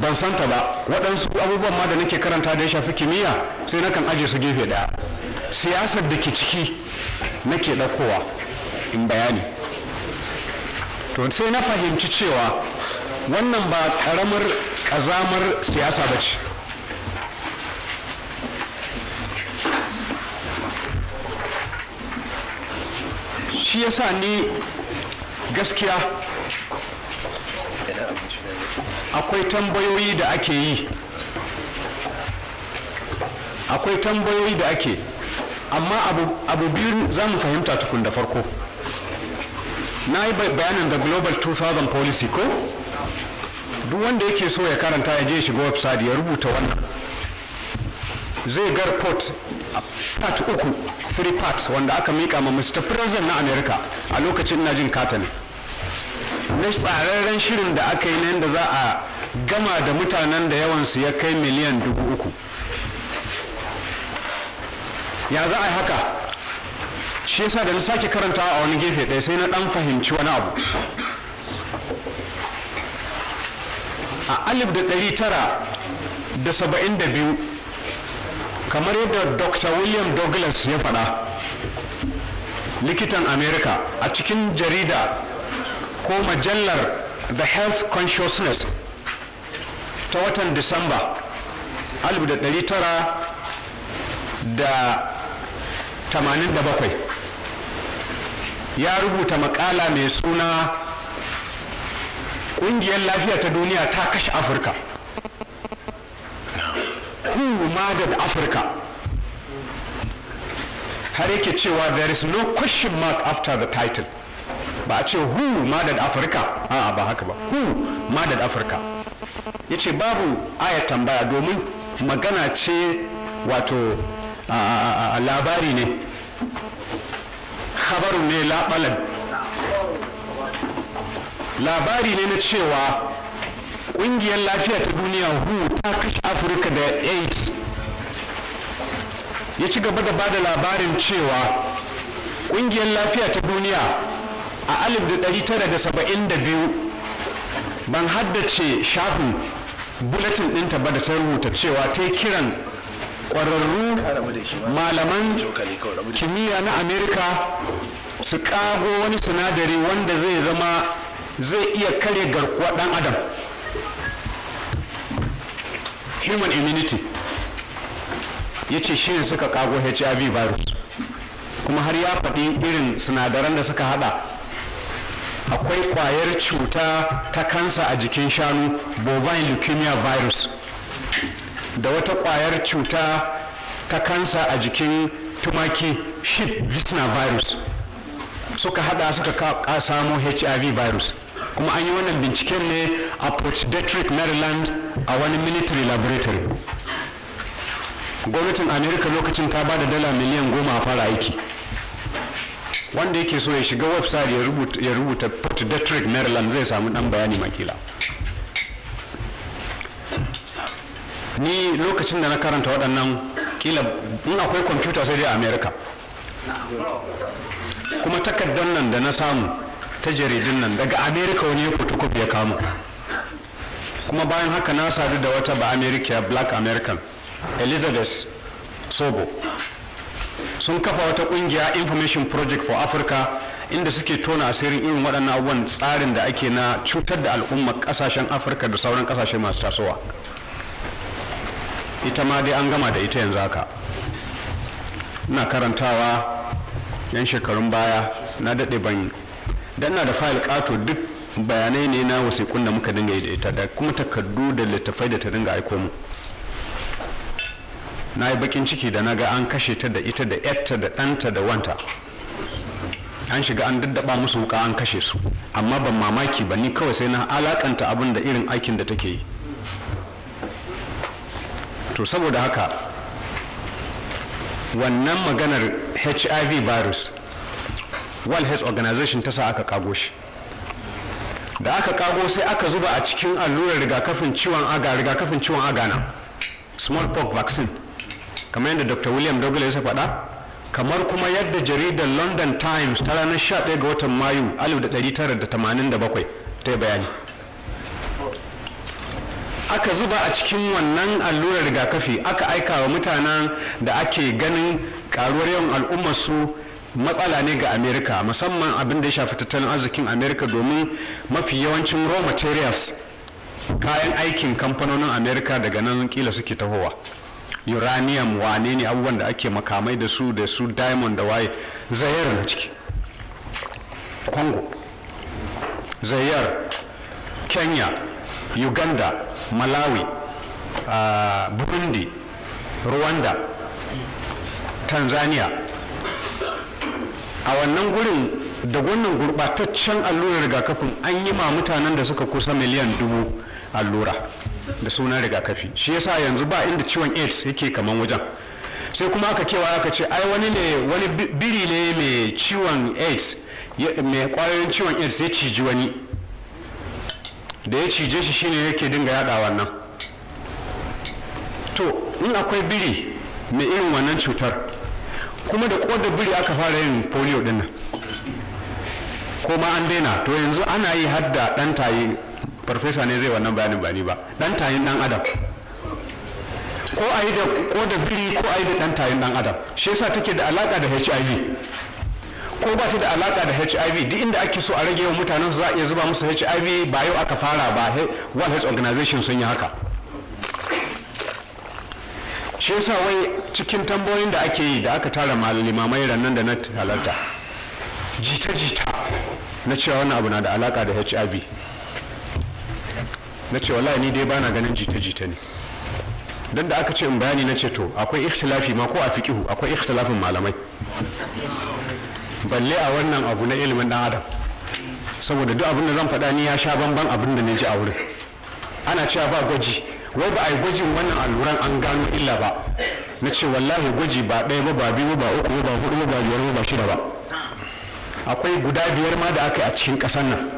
ban santa ba waɗansu abubuwan ma da nake karanta da ya shafi kimiyya sai na kan aje su gefe ɗaya siyasar da ke ciki nake ɗaukowa in bayani to sai na fahimci cewa wannan ba ƙaramar ƙazamar siyasa ba ce shi ya sa ni gaskiya akwai tambayoyi da ake yi akwai tambayoyi da ake amma abu biyu za mu fahimta tukun da farko na yi bayanin da global 2000 policy ko duk wanda yake so ya karanta ya je shiga website ya rubuta wannan zai ga port part uku three parts wanda aka mika ma mr president na america a lokacin ina jin kata ne na tsararren shirin da aka yi na yadda za a gama da mutanen da yawan su ya kai miliyan dubu uku ya za a yi haka shi yasa da na sake karantawa a wani gefe ɗaya sai na ɗan fahimci wani abu a alif da ɗari tara da saba'in da biyu kamar yadda dr william douglas ya faɗa likitan america a cikin jarida ko majallar the health consciousness ta watan disamba 1987 ya rubuta makala mai suna ƙungiyar lafiya ta duniya ta kashe afirka who murdered Africa? Har yake cewa there is no question mark after the title. Ba a ce who murdered Africa? A'a ba haka ba. Who murdered Africa? Ya ce babu ayat tambaya domin magana ce wato labari ne. Khabarun ne labalan. Labari ne na cewa ƙungiyar lafiya ta duniya hu ta kashe afirka da aids ya ci gaba da bada labarin cewa ƙungiyar lafiya ta duniya a 1972 ban haddace shafin buletin ɗinta ba da ta rubuta cewa ta kiran ƙwararru malaman kimiyya na amerika su kago wani sinadari wanda zai zama zai iya kare garkuwa ɗan adam human immunity ya ce shi ne suka kago hiv virus kuma har ya faɗi irin sinadaran da suka haɗa akwai kwayar cuta ta kansa a jikin shanu bovine leukemia virus da wata kwayar cuta ta kansa a jikin tumaki sheep visna virus suka haɗa suka samo hiv virus kuma an yi wannan binciken ne a port detrick maryland a wani military laboratory gwamnatin america lokacin ta ba da dala miliyan goma a fara aiki wanda yake so ya shiga website ya rubuta port detrick maryland zai samu dan bayani makila ni lokacin da na karanta waɗannan kila in akwai kwamfuta sai dai a america kuma takardar nan da na samu ta jaridun nan daga amerika wani ya photocopy ya kama kuma bayan haka na sadu da wata ba amerika black american elizabeth sobo sun kafa wata kungiya information project for africa inda suke tona asirin irin waɗannan abubuwan tsarin da ake na cutar da al'ummar ƙasashen afirka da sauran ƙasashe masu tasowa ita ma dai an gama da ita yanzu haka ina karantawa yan shekarun baya na daɗe ban dan na da fayil kato duk bayanai ne na wasiƙun da muka dinga da ita da kuma takardu da littafai da ta dinga aiko mu na yi bakin ciki da na ga an kashe ta da ita da yarta da ɗanta da wanta an shiga an daddaba musu wuka an kashe su amma ban mamaki ba ni kawai sai na alakanta abin da irin aikin da take yi to saboda haka wannan maganar hiv virus world health organization ta sa aka kago shi da aka kago sai aka zuba a cikin allurar rigakafin ciwon aga rigakafin ciwon aga na smallpox vaccine kamar yadda dr william douglas ya faɗa kamar kuma yadda jaridar london times ta ranar 11 ga watan mayu 1987 ta yi bayani aka zuba a cikin wannan allurar rigakafi aka aika wa mutanen da ake ganin karuwar yawan al'ummarsu matsala ne ga america musamman abin da ya shafi tattalin arzikin america domin mafi yawancin raw materials kayan aikin kamfanonin america daga nan kila suke tahowa uranium wane ne abubuwan da ake makamai da su da su diamond da waye zayar na ciki congo zayar kenya uganda malawi uh, burundi rwanda tanzania a wannan gurin da wannan gurɓataccen allurar rigakafin an yi ma mutanen da suka kusa miliyan dubu allura da sunan rigakafi shi yasa yanzu ba inda ciwon aids yake kaman wajen sai kuma aka kewa aka ce ai wani ne wani biri ne mai ciwon aids mai kwayoyin ciwon aids ya ciji wani da ya cije shi shine yake dinga yada wannan to in akwai biri mai irin wannan cutar kuma da kodar biri aka fara yin polio din nan ko ma an daina to yanzu ana yi har da dan tayi farfesa ne zai wannan bayanin ba ni ba dan tayin dan adam ko a yi da kodar biri ko a yi da dan tayin dan adam shi yasa take da alaka da HIV ko ba ta da alaka da HIV duk inda ake so a rage yawan mutanen su za a iya zuba musu HIV ba yau aka fara ba World Health Organization sun yi haka shi yasa wai cikin tambayoyin da ake yi da aka tara malamai rannan da na halarta jita-jita na cewa wani abu na da alaka da hiv na ce ni dai bana ganin jita-jita ne don da aka ce in bayani na ce to akwai ikhtilafi ma ko a fiqihu akwai ikhtilafin malamai balle a wannan abu na ilimin dan adam saboda duk abin da zan faɗa ni ya sha bamban abin da na ji a wurin ana cewa ba gwaji wai ba a yi gwajin wannan alluran an gano illa ba na ce wallahi gwaji ba ɗaya ba ba biyu ba uku ba hudu ba biyar ba shida ba akwai guda biyar ma da aka yi a cikin ƙasar nan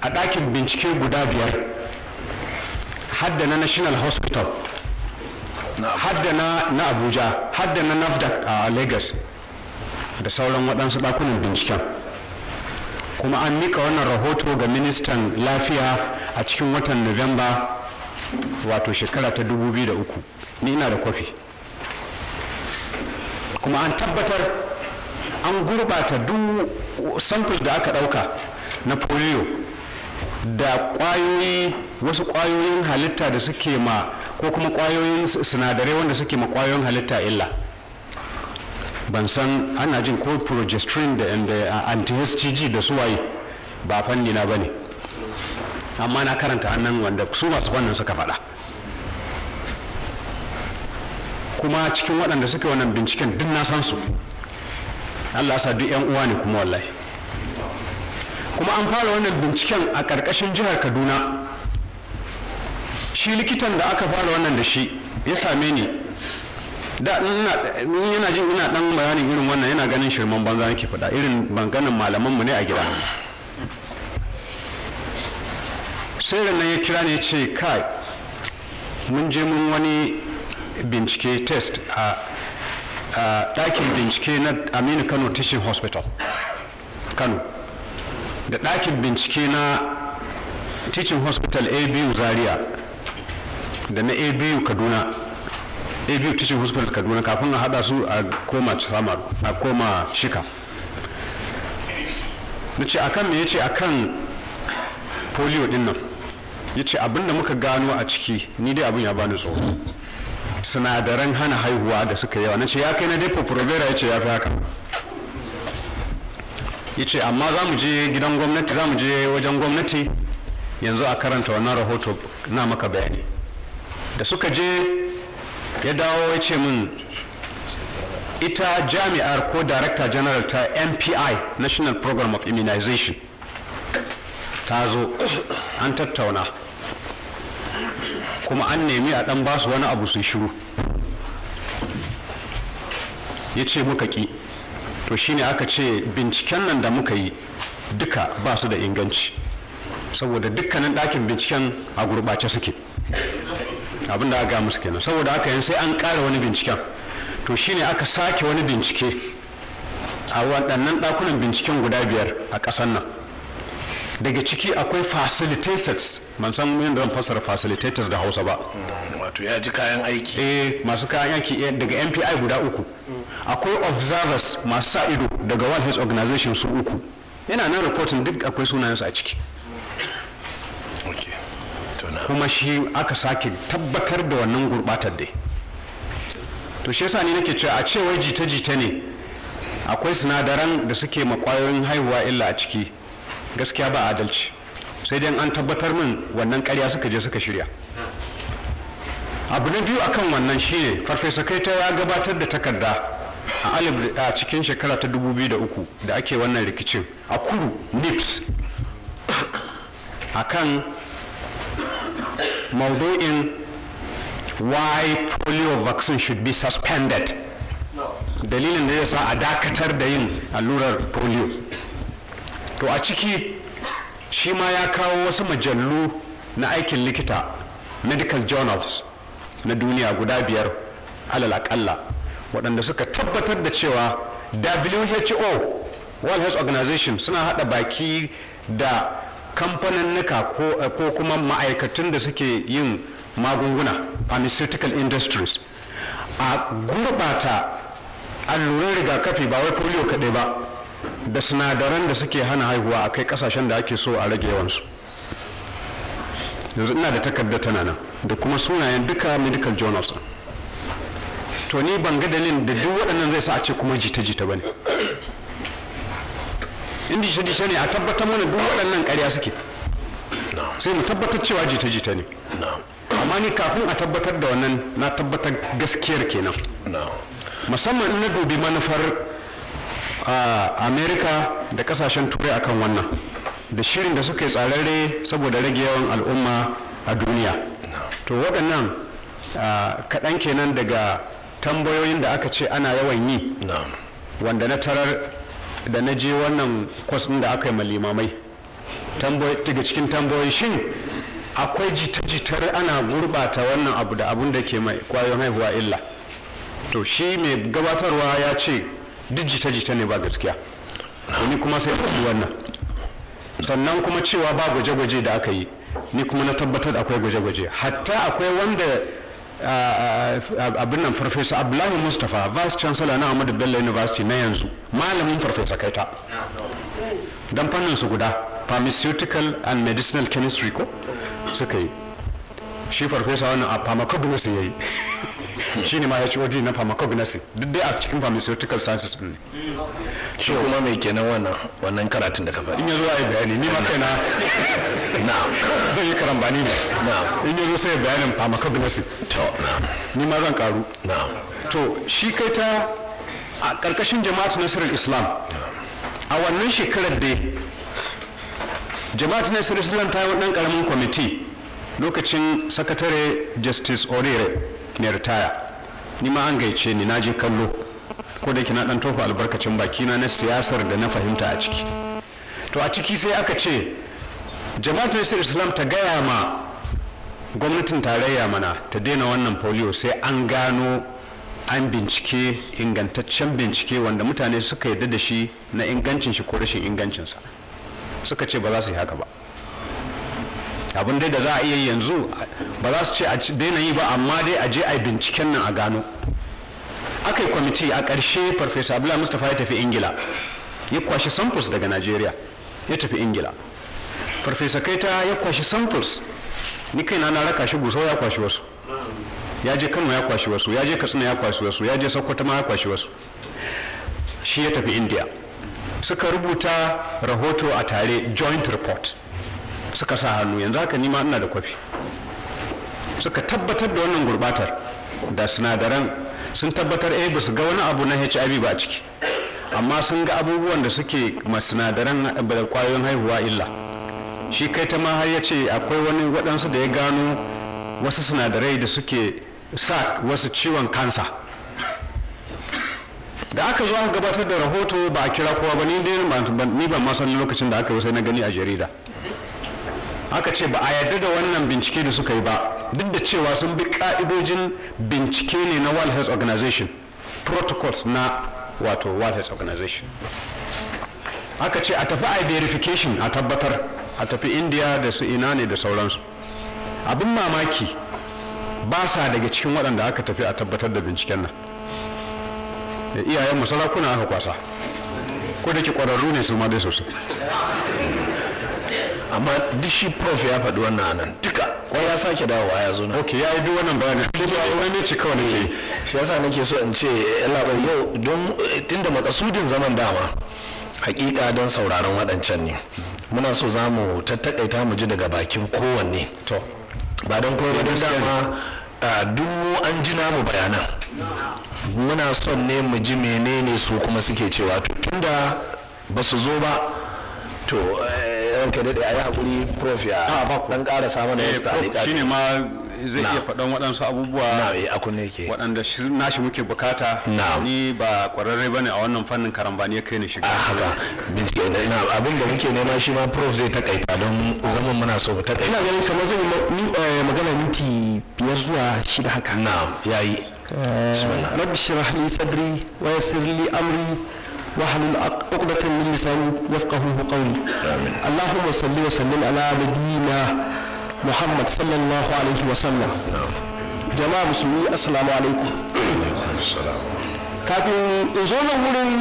a ɗakin bincike guda biyar hadda na national hospital hadda na abuja hadda na nafdac a lagos da sauran waɗansu ɗakunan binciken kuma an mika wannan rahoto ga ministan lafiya a cikin watan November. wato shekara ta dubu 2003 ni ina da kwafi kuma an tabbatar an gurbata duk samfur da aka ɗauka na polio da kwayoyi wasu ƙwayoyin halitta da suke ma ko kuma ƙwayoyin sinadarai wanda suke ma ƙwayoyin halitta illa ban san ana jin ko progesterone da anti da suwaye ba fanni na ba ne amma na karanta annan wanda su masu wannan suka faɗa kuma cikin waɗanda suke wannan binciken duk na san su allah sa duk 'yan uwa ne kuma wallahi kuma an fara wannan binciken a ƙarƙashin jihar kaduna shi likitan da aka fara wannan da shi ya same ni da yana jin ina ɗan bayanin irin wannan yana ganin shirman banza nake faɗa irin banganan mu ne a gida sai na ya kira ne ce kai mun je mun wani bincike test a ɗakin bincike na aminu kano teaching hospital kano da ɗakin bincike na teaching hospital abu zaria da na abu kaduna abu teaching hospital kaduna kafin a hada su a koma a koma shika na ce akan me ya ce akan polio din nan ya ce abinda muka gano a ciki ni dai abin ya bani tsoro sinadaran hana haihuwa da suka yawa na ce ya kai na dai provera ya ce ya fi haka ya ce amma za mu je gidan gwamnati za mu je wajen gwamnati yanzu a karanta wannan rahoto na maka bayani da suka je ya dawo ya ce min ita jami'ar ko director general ta mpi national program of immunization ta zo an tattauna kuma an nemi a ɗan basu wani abu su shiru ya ce muka ki to shine aka ce binciken nan da muka yi duka ba su da inganci saboda dukkanin ɗakin binciken a gurɓace suke abin da aka musu kenan saboda aka yin sai an ƙara wani binciken to shine aka sake wani bincike a waɗannan ɗakunan binciken guda biyar a ƙasar nan daga ciki akwai facilitators man san yadda zan fassara facilitators da hausa ba wato ya ji kayan aiki eh masu kayan aiki eh, daga mpi guda uku akwai observers masu sa ido daga world health organization su uku yana nan reporting duk akwai sunayensu a ciki kuma shi aka sake tabbatar da wannan gurbatar dai to shi yasa ne nake cewa a cewa jita-jita ne akwai sinadaran da suke makwayoyin haihuwa illa a ciki gaskiya ba adalci sai dai an tabbatar min wannan karya suka je suka shirya abu na biyu akan wannan shine farfesa kaita ya gabatar da takarda a cikin shekara ta 2003 da ake wannan rikicin a kuru nips akan maudu'in why polio vaccine should be suspended dalilin da ya sa a dakatar da yin allurar polio to a ciki shi ma ya kawo wasu majallu na aikin likita medical journals na duniya guda biyar alal akalla waɗanda suka tabbatar da cewa who world health organization suna hada baki da kamfanin kamfaninnika ko kuma ma'aikatun da suke yin magunguna pharmaceutical industries a gurbata alluran rigakafi ba wai polio kaɗai ba da sinadaran da suke hana haihuwa a kai kasashen da ake so a rage yawansu yanzu ina da takarda tana nan da kuma sunayen duka medical journals to ni ban ga dalilin da duk waɗannan zai sa a ce kuma jita-jita ba ne in jita dishe ne a tabbatar mana duk waɗannan ƙarya suke sai mu tabbatar cewa jita-jita ne amma ni kafin a tabbatar da wannan na tabbatar gaskiyar kenan musamman na dubi manufar amerika da kasashen turai akan wannan da shirin da suka yi tsararre saboda rage yawan al'umma a duniya to waɗannan kaɗan kenan daga tambayoyin da aka ce ana yawan yi wanda na tarar da na je wannan kwas da aka yi malimamai daga cikin tambayoyi shin akwai jita-jitar ana gurɓata wannan abu da abun da ke mai kwayoyin haihuwa illa to shi mai gabatarwa ya ce duk jita-jita ne ba gaskiya wani kuma sai faɗi wannan sannan kuma cewa ba gwaje-gwaje da aka yi ni kuma na tabbatar akwai gwaje-gwaje hatta akwai wanda abin nan farfesa abdullahi mustapha vice chancellor na ahmadu bello university na yanzu malamin farfesa kaita don fannin su guda pharmaceutical and medicinal chemistry ko suka yi shi farfesa wannan a pharmacognosy ya yi ne ma HOD na pharmacognosy duk dai a cikin pharmaceutical sciences din ne shi kuma mai kenan wannan wannan karatun da ka faɗi in yazo ai bayani ni ma kai na zan yi karambani ne na in yazo sai bayanin pharmacognosy to na ni ma zan karu na to shi kai ta a karkashin jama'atu nasarar islam a wannan shekarar dai jama'atu nasarar islam ta yi wannan karamin kwamiti lokacin sakatare justice orire ne ritaya ni ma an gaice ni na je kallo ko da na dan tofa albarkacin baki na na siyasar da na fahimta a ciki to a ciki sai aka ce jama'atul islam ta gaya ma gwamnatin tarayya mana ta daina wannan polio sai an gano an bincike ingantaccen bincike wanda mutane suka yarda da shi na ingancin shi ko rashin ingancinsa suka ce ba za su yi haka ba abin dai da za a iya yanzu ba za su ce a daina yi ba amma dai a je a binciken nan a gano aka yi kwamiti a ƙarshe farfesa abdullahi mustapha ya tafi ingila ya kwashi samples daga najeriya ya tafi ingila farfesa kaita ya kwashi samples ni kaina na raka shi gusau ya kwashi wasu ya je kano ya kwashi wasu ya je katsina ya kwashi wasu ya je sokoto ma ya kwashi wasu shi ya tafi india suka rubuta rahoto a tare joint report suka sa hannu yanzu haka nima ina da kwafi suka tabbatar da wannan gurbatar da sinadaran sun tabbatar a eh, ba su ga wani abu na hiv ba a ciki amma sun ga abubuwan da suke sinadaran eh, kwayoyin haihuwa illa shi kai ta ma har ya ce akwai wani waɗansu da ya gano wasu sinadarai da suke sa wasu ciwon kansa da aka zo aka gabatar da rahoto ba a kira kowa ba ni dai ni ban lokacin da aka yi sai na gani a jarida aka ce ba a yarda da wannan bincike da suka yi ba duk da cewa sun bi ka'idojin bincike ne na world health organization protocols na wato world health organization aka ce a tafi a verification a tabbatar a tafi india da su ina ne da sauransu abin mamaki ba sa daga cikin waɗanda aka tafi a tabbatar da binciken nan da iyayen masarakuna aka kwasa ko da ke ƙwararru ne su ma dai sosai amma duk shi prof ya faɗi wannan anan duka ko ya sake dawowa ya zo na ok ya yi duk wannan bayanin duk ya yi wani ci kawai nake eh, shi yasa nake so in ce labar yau don eh, tunda makasudin zaman dama hakika don sauraron waɗancan ne muna so za mu tattakaita mu ji daga bakin kowanne to ba don kowa don dama duk an ji namu bayanan muna son ne mu ji menene su kuma suke cewa tunda ba su zo ba to eh, ranka daɗe a yi haƙuri prof ya ah, ɗan ƙara ƙarasa mana eh, wasu tarika shine ma zai iya faɗan waɗansu abubuwa eh, a kunne ke waɗanda nashi muke bukata ni ba ƙwararre ba ne a wannan fannin karambani ya kai ni shiga ah, haka bincike na abin da muke nema shi ma prof zai takaita don zaman muna so mu takaita ina ganin kamar zan yi eh, magana minti biyar zuwa shida haka na yayi rabbi shrah li sadri wa yassir li amri واحلل عقدة من لساني يفقهه قولي آمين. اللهم صل وسلم على نبينا محمد صلى الله عليه وسلم السلام. kafin in zo nan wurin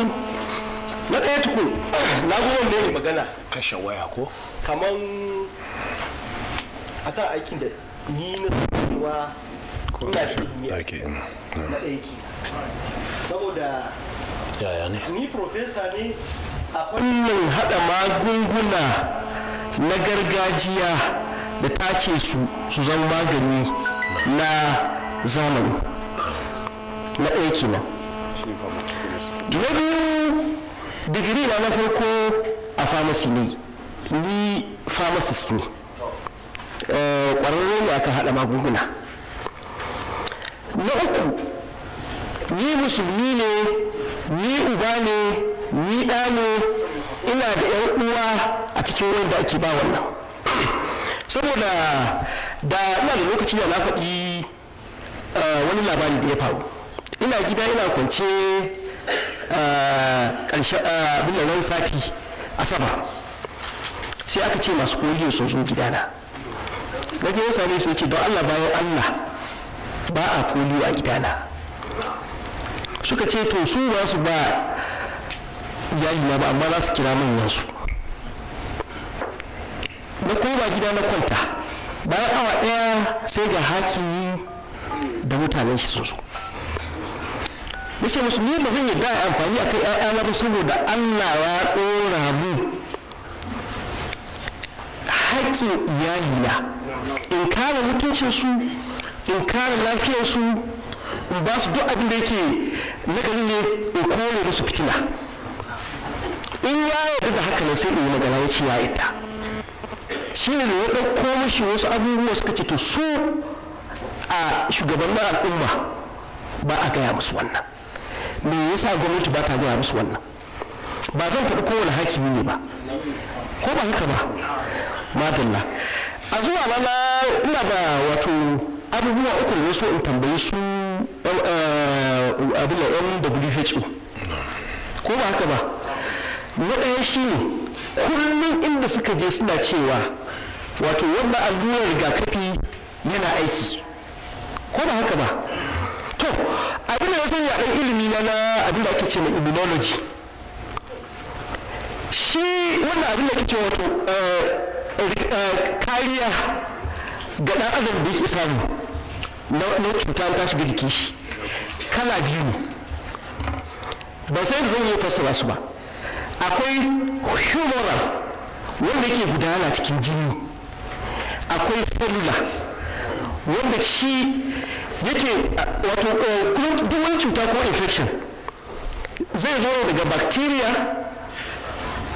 na ɗaya na zo wanda magana kashe waya ko kaman akan aikin da ni na yaya ne hada magunguna na gargajiya da tace su su zama magani na zamani na ɗaya na biyu digiri na na farko a famasi ne ni pharmacist ne eh, ƙwararre ne akan haɗa magunguna na uku ni musulmi ne ni uba ne ni ɗa ne ina da yan uwa a cikin wanda ake ba wannan saboda da ina da lokaci da na faɗi eh, wani labari da ya faru ina gida ina kwance eh, ƙarshen eh, a sati sati sama sai aka ce masu koliyo sun zo gidana na je sami su ce don allah bayan allah ba a koli a gidana suka ce to su ba su ba yayina ba amma za su kira manyansu na koma gida na kwanta bayan awa daya sai ga hakimi da mutanen shi sun ya ce musu ni ba zan yi da amfani a kai ƴaƴana ba saboda allah ya ɗora mu haƙƙin iyalina in kare mutuncinsu in kare lafiyarsu in ba su duk abin da yake nakan ne in kore musu fitina in ya yarda da haka nan sai in yi magana ya ci ya ita shi ne da ya ɗauko mashi wasu abubuwa suka ce to su a shugabannin al'umma ba a gaya musu wannan me yasa gwamnati ba ta gaya musu wannan ba zan faɗi kowane hakimi ne ba ko ba haka ba madalla a zuwa bana ina da wato abubuwa uku ne so in tambayi su Eh, abin da who ko ba haka ba na ɗaya shi ne kullum inda suka je suna cewa wato wannan allurar rigakafi yana aiki ko ba haka ba to abin da ya sani a ɗan ilimi na na abin da ake ce na immunology shi wannan abin da ce wato eh, eh, kariya ga ɗan adam da yake samu na cuta ta shiga jikin kala biyu ba sai da zan iya fassara su ba akwai humoral wanda ke gudana cikin jini akwai cellular wanda shi yake wato eh, duk wani cuta ko infection zai zo daga bacteria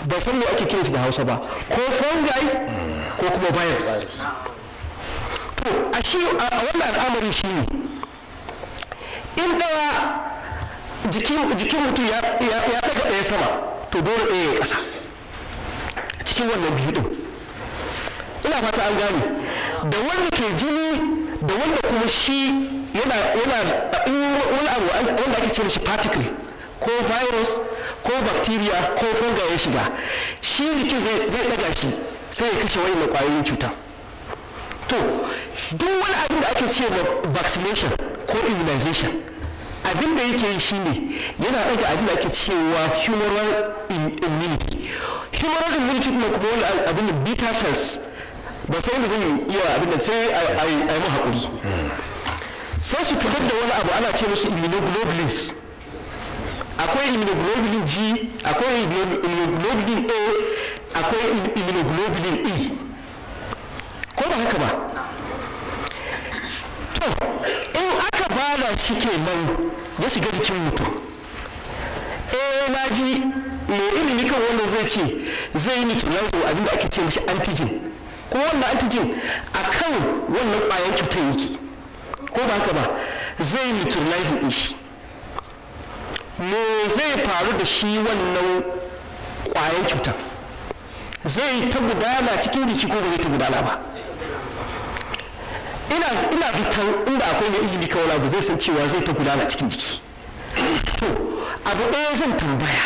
ba san me ake kiran shi da hausa ba ko fungi ko kuma virus to a shi a wannan al'amari shi ne in dawa jikin mutum ya daga ɗaya sama to dole ɗaya ya ƙasa cikin wannan biyu ɗin ina fata an gane da wanda ke jini da wanda kuma shi yana wani abu wanda ake ce mishi particle ko virus ko bacteria ko fungi ya shiga shi jikin zai ɗaga shi sai ya kashe wani kwayoyin cuta to duk wani abin da ake ce vaccination ko immunization abin da yake yi shine yana ɗaga abin da ake cewa humoral immunity humoral immunity kuma kuma wani abin da beta cells ba sai da zai iya abin da sai a yi mu haƙuri sai su fitar da wani abu ana ce musu immunoglobulins akwai immunoglobulin g akwai immunoglobulin a akwai immunoglobulin e ko ba haka ba to in aka bala shi ke nan ya shiga jikin mutu eh na ji mai ilimi kan wanda zai ce zai yi nikin yanzu abin da ake ce mishi antigen ko wannan antigen a kan wannan ƙwayar cutar yake ko ba haka ba zai neutralize din shi me zai faru da shi wannan ƙwayar cutar zai ta gudana cikin jiki ko ba zai ta gudana ba ina ina fitan inda akwai mai ilimi kawai labu zai san cewa zai ta gudana cikin jiki to abu ɗaya zan tambaya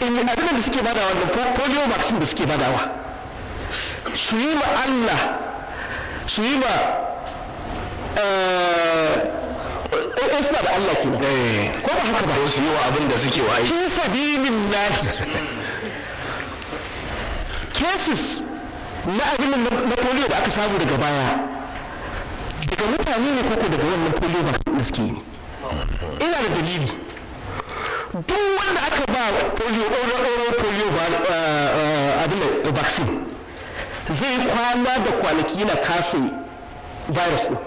in abin da suke badawa da polio vaccine da suke badawa su yi ma Allah su yi ma in eh, suna da Allah kenan eh. ko ba haka ba su yi wa abin da suke wa aiki fi lahi cases na abin na polio da aka samu daga baya daga mutane ne koko daga wannan polio ba da suke yi ina da dalili duk wanda aka ba polio oral polio eh, eh, abin da eh, vaccine zai kwana da kwanaki na kaso virus ɗin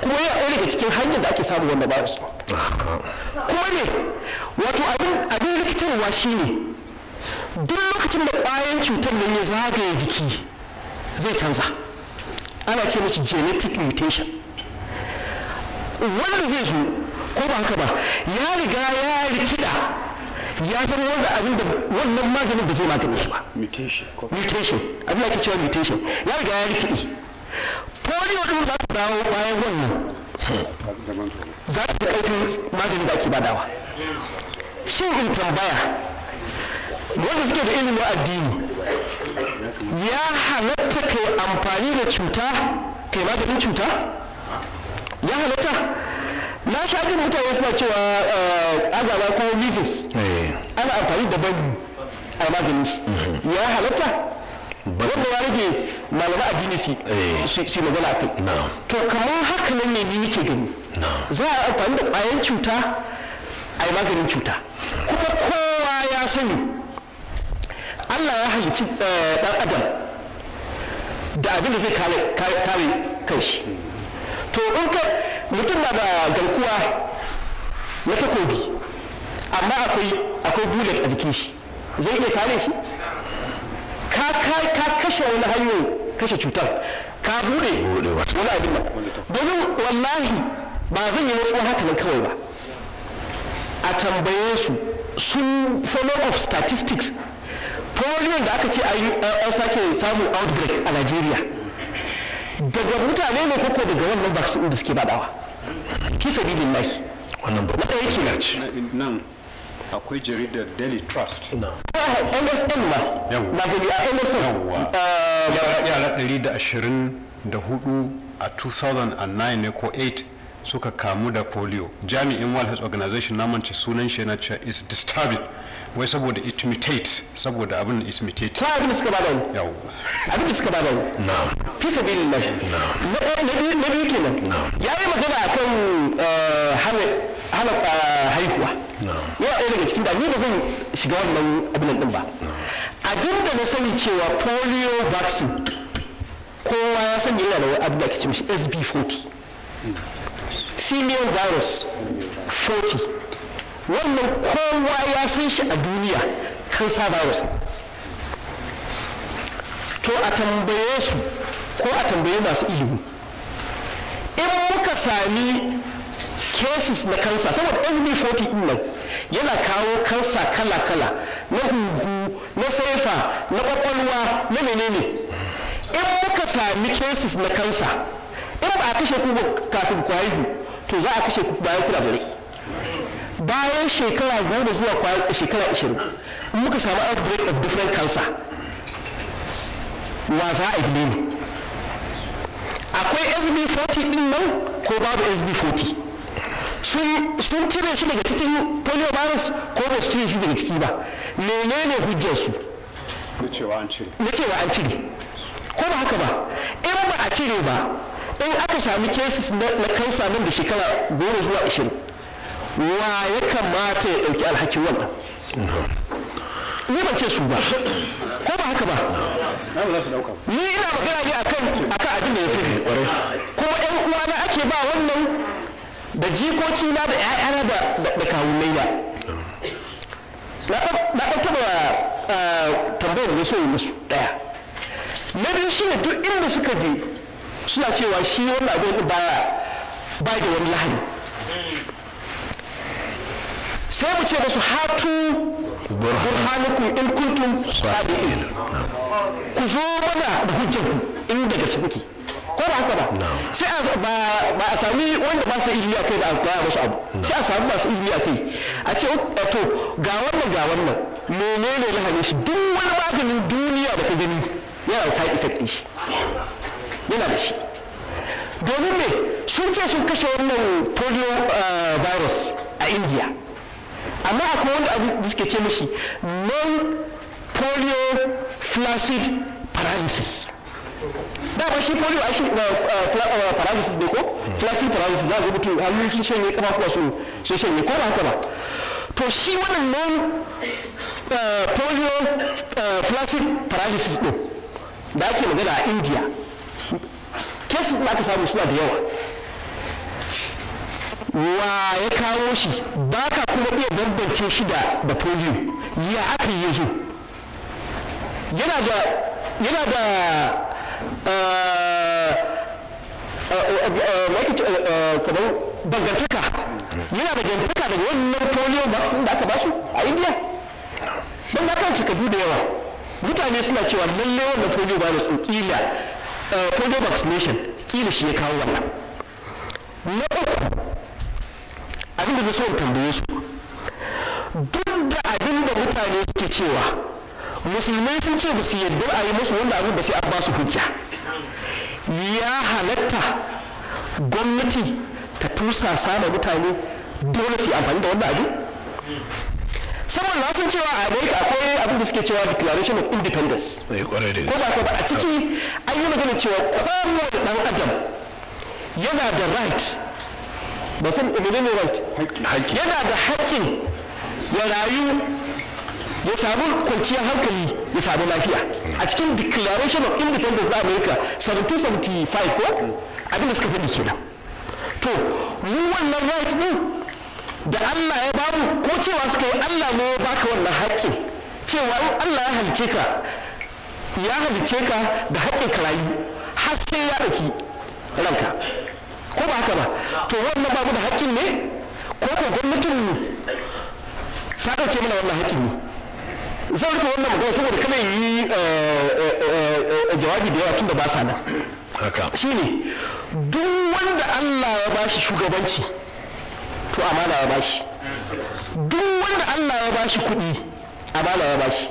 kuma yana ɗaya daga cikin hanyar da ake samun wannan virus kuma ne wato abin rikitarwa shi ne duk lokacin da ƙwayan cutar da ya zagaye jiki zai canza ana ce mashi genetic mutation wanda zai zo ko ba haka ba ya riga ya rikida ya zama wanda abin da wannan maganin ba zai magani shi ba mutation abin da ake cewa mutation ya riga ya rikidi polio din za ta dawo bayan wannan za ta fi ƙarfin maganin da ake badawa shin in tambaya wanda suke da ilimin addini ya halatta ka yi amfani da cuta ka yi maganin cuta ya halatta na sha jin mutane suna cewa eh, agaba ko mifis eh. ana amfani da banyu a maganin mm-hmm. ya halatta wanda ya rage malama addini eh. su magana a kai to kamar haka nan ne ni ke gani za a amfani da ƙwayan cuta a yi maganin cuta kuma kowa ya sani Allah ya halicci eh, ɗan adam da abin da zai kare kanshi to in ka mutum na da garkuwa na takobi amma akwai bullet a jikin shi zai iya kare shi ka kashe wani hanyar kashe cutar ka bude wani abin nan domin wallahi ba zan yi wasu haka nan kawai ba a tambaye su sun follow of statistics polio da aka ce an sake samun outbreak a Nigeria daga mutane ne koko daga wannan vaccine da suke badawa ki sabidin lahi wannan ba ɗaya ke nan akwai jaridar daily trust na nsn ah, ma na gani a nsn ah, yara 124 a 2009 ne ko 8 suka kamu da polio jami'in world health organization na mance sunan shi na cewa is disturbing wai saboda itmitate saboda abin itmitate ta abin da suka bada wani yawo abin da suka bada wani na fi sabilin shi. na na biyu kenan ya yi magana a kan eh, hana eh, haihuwa yana ɗaya daga cikin da ni ba zan shiga wannan abin din ba abin da na sani cewa polio vaccine kowa ya sani yana da abin da ake ce mishi sb40 senior virus 40 wannan kowa ya san shi a duniya kansa virus to a tambaye su ko a tambaye masu ilimi in muka sami cases na kansa saboda sb40 din nan yana kawo kansa kala-kala na huhu na saifa na kwakwalwa na menene in muka sami cases na kansa in ba a kashe ku kafin kwayi to za a kashe ku bayan kuna da rai bayan shekara goma zuwa shekara ashirin muka samu outbreak of different cancer wa za a ne akwai sb40 din nan ko babu sb40 sun cire shi daga cikin polio virus ko ba su cire shi daga ciki ba menene su na cewa an cire ko ba haka ba in ba a cire ba in aka sami cases na kansa nan da shekara goma zuwa ashirin wa ya kamata ya ɗauki alhakin wannan ni ban ce su ba ko ba haka ba ni ina magana ne akan akan abin da ya sirri Ko ƴan uwana ake ba wannan da jikoki na da ƴaƴana da da kawunai na na ɗan taɓa tambayar da so yi musu ɗaya na biyu shi ne duk inda suka je suna cewa shi wannan abin baya ba da wani lahani sai mu ce musu hatu burhanukum in kuntum sadiqin ku zo mana da hujjar ku in da gaske kuke ko ba haka ba sai ba a sami wanda ba su da ilimi akai da gaya musu abu sai a sami ba masu ilimi akai a ce eh, to ga wannan ga wannan menene lahani shi duk wani maganin duniya da ka gani yana sa effect shi yana da shi domin me sun ce sun kashe wannan polio eh, virus a india amma akwai wanda abu da suke ce mashi non polio flaccid paralysis da ba shi polio a shi eh, eh, eh, paralysis ne ko flaccid paralysis za a rubutu hannu sun shanye kafafuwa su sun shanye ko ba haka ba to shi wannan non polio flaccid paralysis din da ake magana a india cases da aka samu suna da yawa wa ya kawo shi ba ka kuma iya bambance shi da da polio ya aka yi zo yana da yana da eh, eh, eh, kamar dangantaka yana da dangantaka daga wannan polio vaccine da aka basu a indiya don da kan cikadu da yawa mutane suna cewa lallai wannan polio virus in kila polio vaccination kila shi ya kawo wannan na uku abinda na so tambaye su duk da abinda mutane suke cewa musulmai sun ce su yadda a yi musu wanda abin da sai an ba su hujja ya halatta gwamnati ta tusa sama mutane dole su amfani da wannan abin saboda na san cewa a america akwai abin da suke cewa declaration of independence eh, ko sa ba a ciki an yi magana cewa kowane dan adam yana da right masan sun menene right yana da haƙƙin ya rayu ya samu kwanciyar hankali ya samu lafiya mm. a cikin declaration of independence na america 1775 ko mm. abin da suka faɗi nan to mu wannan right din da allah ya bamu ko cewa suka yi allah ne ya baka wannan haƙƙin cewa allah ya halice ka ya halice ka da haƙƙin ka har sai ya ɗauki ranka ko ba haka ba to wannan ba mu da haƙƙin ne ko ko gwamnatin ta ɗauke mana wannan haƙƙin ne zan rufe wannan magana saboda kana yi eh, eh, eh, jawabi da yawa tun da ba sa nan shine duk wanda Allah ya bashi shugabanci to amana ya bashi duk wanda Allah ya bashi kuɗi amana ya shi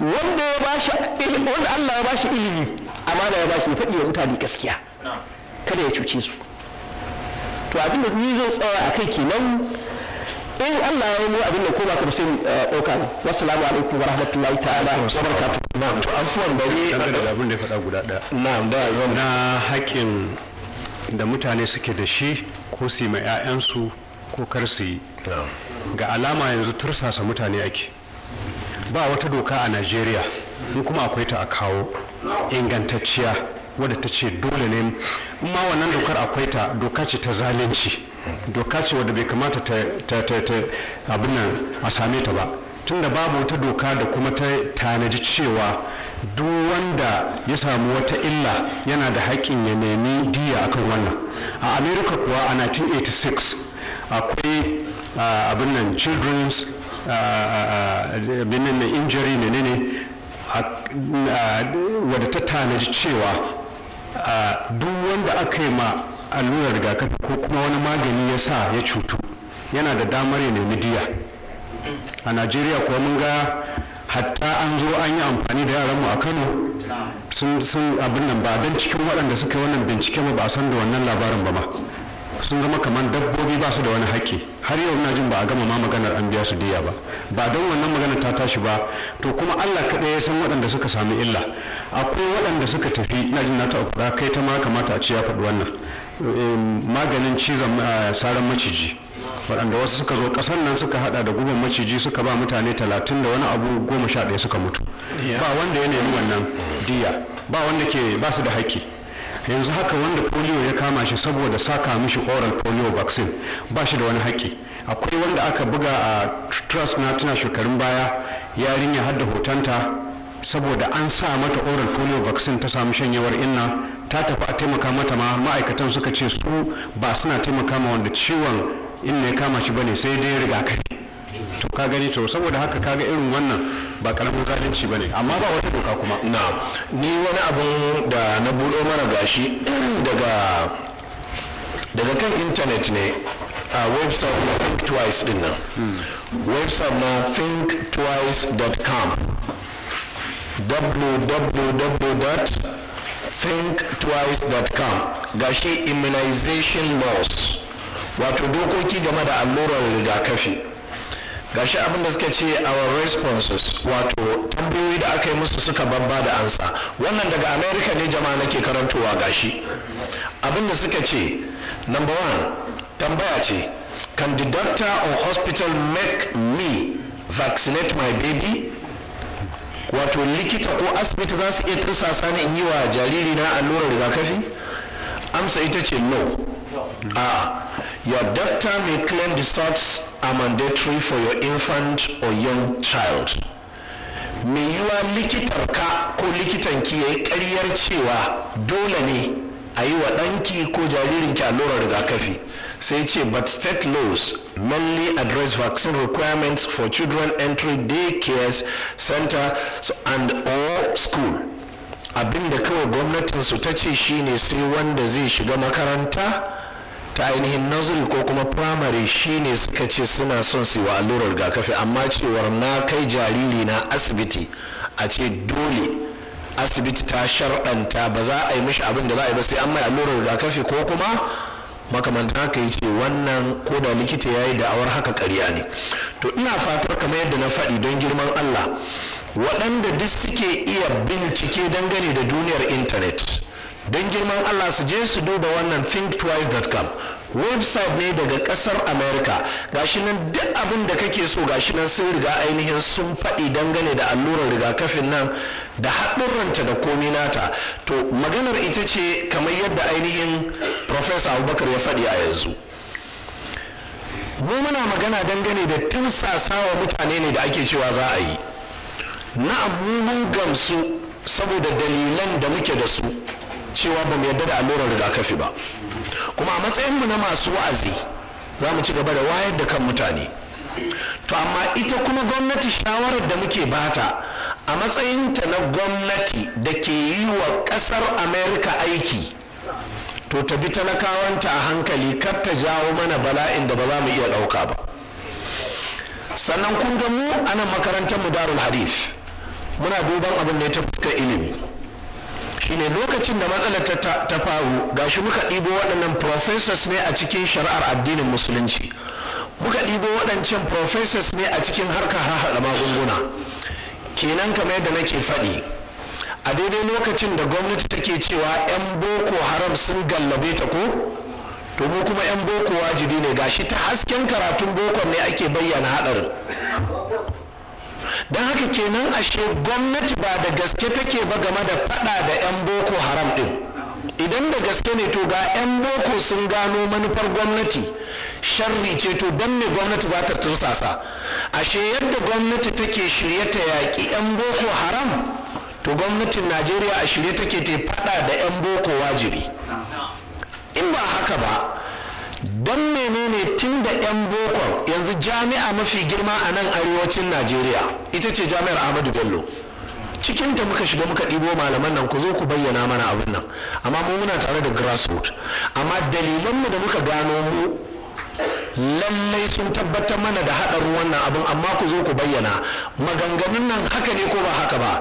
wanda ya bashi wanda Allah ya bashi ilimi amana ya bashi ya faɗi wa mutane gaskiya kada ya cuce su to abin da ni zan tsaya a kai kenan in Allah ya yi abin da ko ba ka sai eh, ɗauka ne wassalamu alaikum wa rahmatullahi ta'ala wa barakatuh na'am to afwan bare da abin da ya faɗa guda ɗaya na'am da zan na haƙin da mutane suke da shi ko su yi ma 'ya'yansu ko kar su yi ga alama yanzu tursasa mutane ake ba wata doka a najeriya in kuma akwai ta a kawo ingantacciya wadda ta ce dole ne ma wannan dokar akwai ta doka ce ta zalunci doka ce wadda bai kamata ta abin nan a same ta ba tunda babu wata doka da kuma ta tanaji cewa duk wanda ya samu wata illa yana da haƙƙin ya nemi diya akan wannan a america kuwa a 1986 akwai abin nan children's abin nan injury ne wadda ta tanaji cewa duk wanda aka yi ma allurar rigakafi ko kuma wani magani ya sa ya cutu yana da damar ya nemi diya a najeriya kuwa mun ga hatta an zo an yi amfani da yaran mu a kano sun sun abin nan ba don cikin waɗanda suka yi wannan bincike ba ba san da wannan labarin ba ma sun zama kamar dabbobi ba su da wani haƙƙi har yau na jin ba a gama ma maganar an biya su diya ba ba don wannan maganar ta tashi ba to kuma allah kaɗai ya san waɗanda suka sami illa akwai waɗanda suka tafi na jin nata ukura kai ta ma kamata a ce ya faɗi wannan ehm, maganin cizon ah, saran maciji waɗanda wasu suka zo ƙasar nan suka hada da guban maciji suka ba mutane talatin da wani abu goma sha ɗaya suka mutu ba wanda ya nemi wannan diya ba wanda ke ba su da haƙƙi yanzu haka wanda polio ya kama shi saboda saka mishi oral polio vaccine ba shi da wani haƙƙi akwai wanda aka buga a trust na tuna shekarun baya yarinya har da hotonta saboda an sa mata oral folio vaccine ta samu shanyewar inna ta tafi a taimaka mata ma ma'aikatan suka ce su ba suna taimaka ma wanda ciwon inna ya kama shi bane sai dai rigakafi to ka gani to saboda haka kaga irin wannan ba karamin zalunci bane amma ba wata doka kuma na ni wani abun da na buɗo mana gashi daga daga kan intanet ne a website na think twice din nan hmm. website na thinktwice.com www.thinktwice.com ga shi immunization laws wato dokoki game da allurar rigakafi gashi abin da suka ce our responses wato tambayoyi da aka yi musu suka babba da ansa wannan daga Amerika ne jama'a nake karantowa gashi abin da suka ce number one tambaya ce can the doctor or hospital make me vaccinate my baby wato likita ko asibiti za su iya tursasa ni in yi wa jariri na allurar rigakafi amsa ita ce no a your doctor may claim the shots are mandatory for your infant or young child mai likitar ka ko likitan ki ya yi karyar cewa dole ne a yi wa ɗanki ko jaririnki allurar rigakafi sai ce but state laws mainly address vaccine requirements for children entering daycares center and or school abin da kawai gwamnatinsu ta ce shine sai wanda zai shiga makaranta ta ainihin nursery ko kuma primary shine suka ce suna son su yi wa allurar rigakafi amma cewar na kai jariri na asibiti a ce dole asibiti ta sharɗanta ba za a yi mishi abin da za a yi ba sai an mai allurar rigakafi ko kuma makamanta haka ya ce wannan ko da likita ya yi da'awar haka karya ne to ina fatar kamar yadda na faɗi don girman allah waɗanda duk suke iya bincike dangane da duniyar intanet don girman allah su je su duba wannan thinktwice.com website ne daga kasar america gashi nan duk abin da kake so gashi nan sun riga ainihin sun faɗi dangane da allurar rigakafin nan da haɗurranta da komi nata to maganar ita ce kamar yadda ainihin professor abubakar ya faɗi a yanzu mu muna magana dangane da tursasawa mutane ne da ake cewa za a yi na mun gamsu saboda dalilan da muke da su cewa ba mu yarda da allurar rigakafi ba kuma a matsayinmu na masu wa'azi za mu ci gaba da wayar da kan mutane to amma ita kuma gwamnati shawarar da muke bata a matsayinta na gwamnati da ke yi wa kasar amerika aiki to ta bi talakawanta a hankali kar ta jawo mana bala'in da ba za mu iya ɗauka ba sannan kun ga mu anan makarantar mu darul hadith muna duban abin da ya ta fuskar ilimi shine lokacin da matsalar ta faru gashi muka ɗibo waɗannan professors ne a cikin shari'ar addinin musulunci muka ɗibo waɗancan professors ne a cikin harkar haɗa magunguna kenan kamar yadda nake faɗi a daidai lokacin da gwamnati take cewa 'yan boko haram sun gallabe ta ko to mu kuma 'yan boko wajibi ne gashi ta hasken karatun bokon ne ake bayyana haɗarin don haka kenan ashe gwamnati ba da gaske take ba game da fada da 'yan boko haram din idan da gaske ne to ga 'yan boko sun gano manufar gwamnati sharri ce to don me gwamnati za ta tursasa ashe yadda gwamnati take shirye ta yaƙi 'yan boko haram to gwamnatin najeriya a shirye take ta faɗa da 'yan boko wajibi in ba haka ba don menene tun da 'yan bokon yanzu jami'a mafi girma a nan arewacin najeriya ita ce jami'ar ahmadu bello Cikin cikinta muka shiga muka ɗibo malaman nan ku zo ku bayyana mana abin nan amma mu muna tare da grassroot amma mu da muka gano mu lallai sun tabbatar mana da haɗarin wannan abin amma ku zo ku bayyana maganganun nan haka ne ko ba haka ba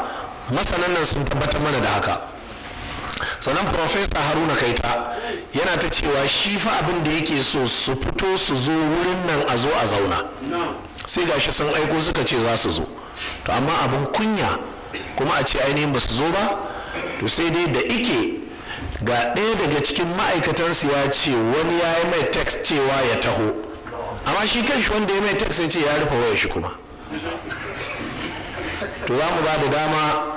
masanan nan sun tabbatar mana da haka sanan profesa haruna kaita yana ta cewa shi fa abin da yake so su fito su zo wurin nan a zo a zauna sai gashi sun aiko suka ce za su zo to amma abin kunya kuma a ce ainihin ba su zo ba to sai dai da ike ga ɗaya daga cikin ma'aikatansu ya ce wani ya yi mai text cewa ya taho amma shi kanshi wanda ya mai text ya ce ya rufe waya shi kuma to za mu ba da dama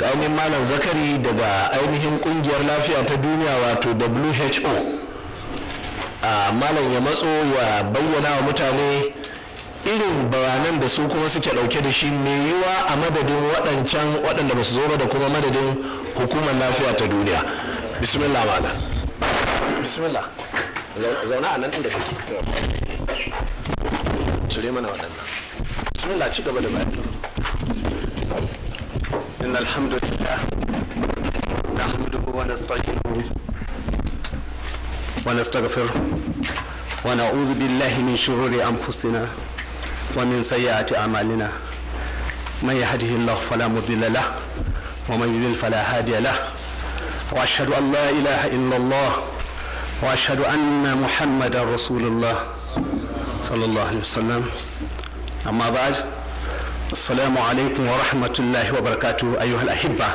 kaunin malam zakari daga ainihin kungiyar lafiya ta duniya wato who a malam ya matso ya bayyana wa mutane irin bayanan da su kuma suke dauke da shi mai yiwa a madadin waɗancan waɗanda ba su zo ba da kuma madadin hukumar lafiya ta duniya bismillah malam bismillah zauna a nan inda kake cire mana waɗannan bismillah ci gaba da bayani إن الحمد لله نحمده ونستعينه ونستغفره ونعوذ بالله من شرور أنفسنا ومن سيئات أعمالنا من يهده الله فلا مضل له ومن يضلل فلا هادي له وأشهد أن لا إله إلا الله وأشهد أن محمدا رسول الله صلى الله عليه وسلم أما بعد السلام عليكم ورحمة الله وبركاته أيها الأحبة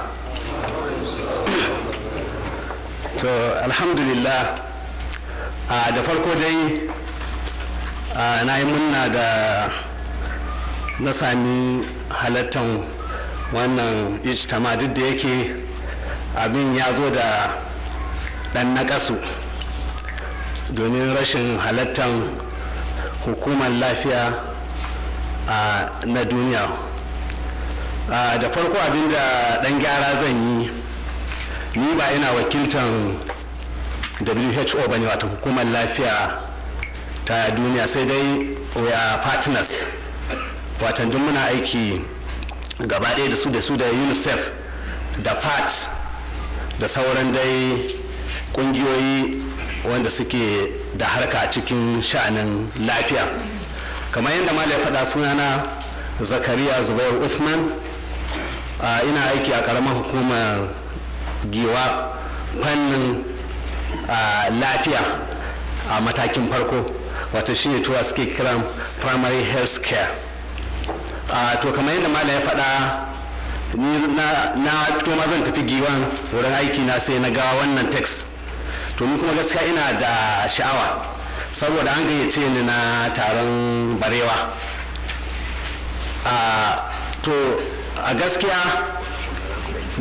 الحمد لله da farko dai na yi munna da na sami halattan wannan ijtama duk da yake abin ya zo da ɗan naƙasu domin rashin halattan hukumar lafiya na duniya da farko abinda dan gyara zan yi ni ba ina wakiltan who ba ne wata hukumar lafiya ta duniya sai dai we are partners watan duk muna aiki gaba ɗaya da su da su da unicef da fat da sauran dai ƙungiyoyi wanda suke da harka a cikin sha'anin lafiya kamar yadda malai faɗa sunana zakariya zubair uthman ina aiki a ƙaramar hukumar giwa fannin lafiya a matakin farko wato shine tuwa suke kiran primary health care to kamar yadda malai ya faɗa na to zan tafi giwan wurin aiki na sai na ga wannan text to ni kuma gaskiya ina da sha'awa saboda an gayyace ni na taron barewa ah, to a gaskiya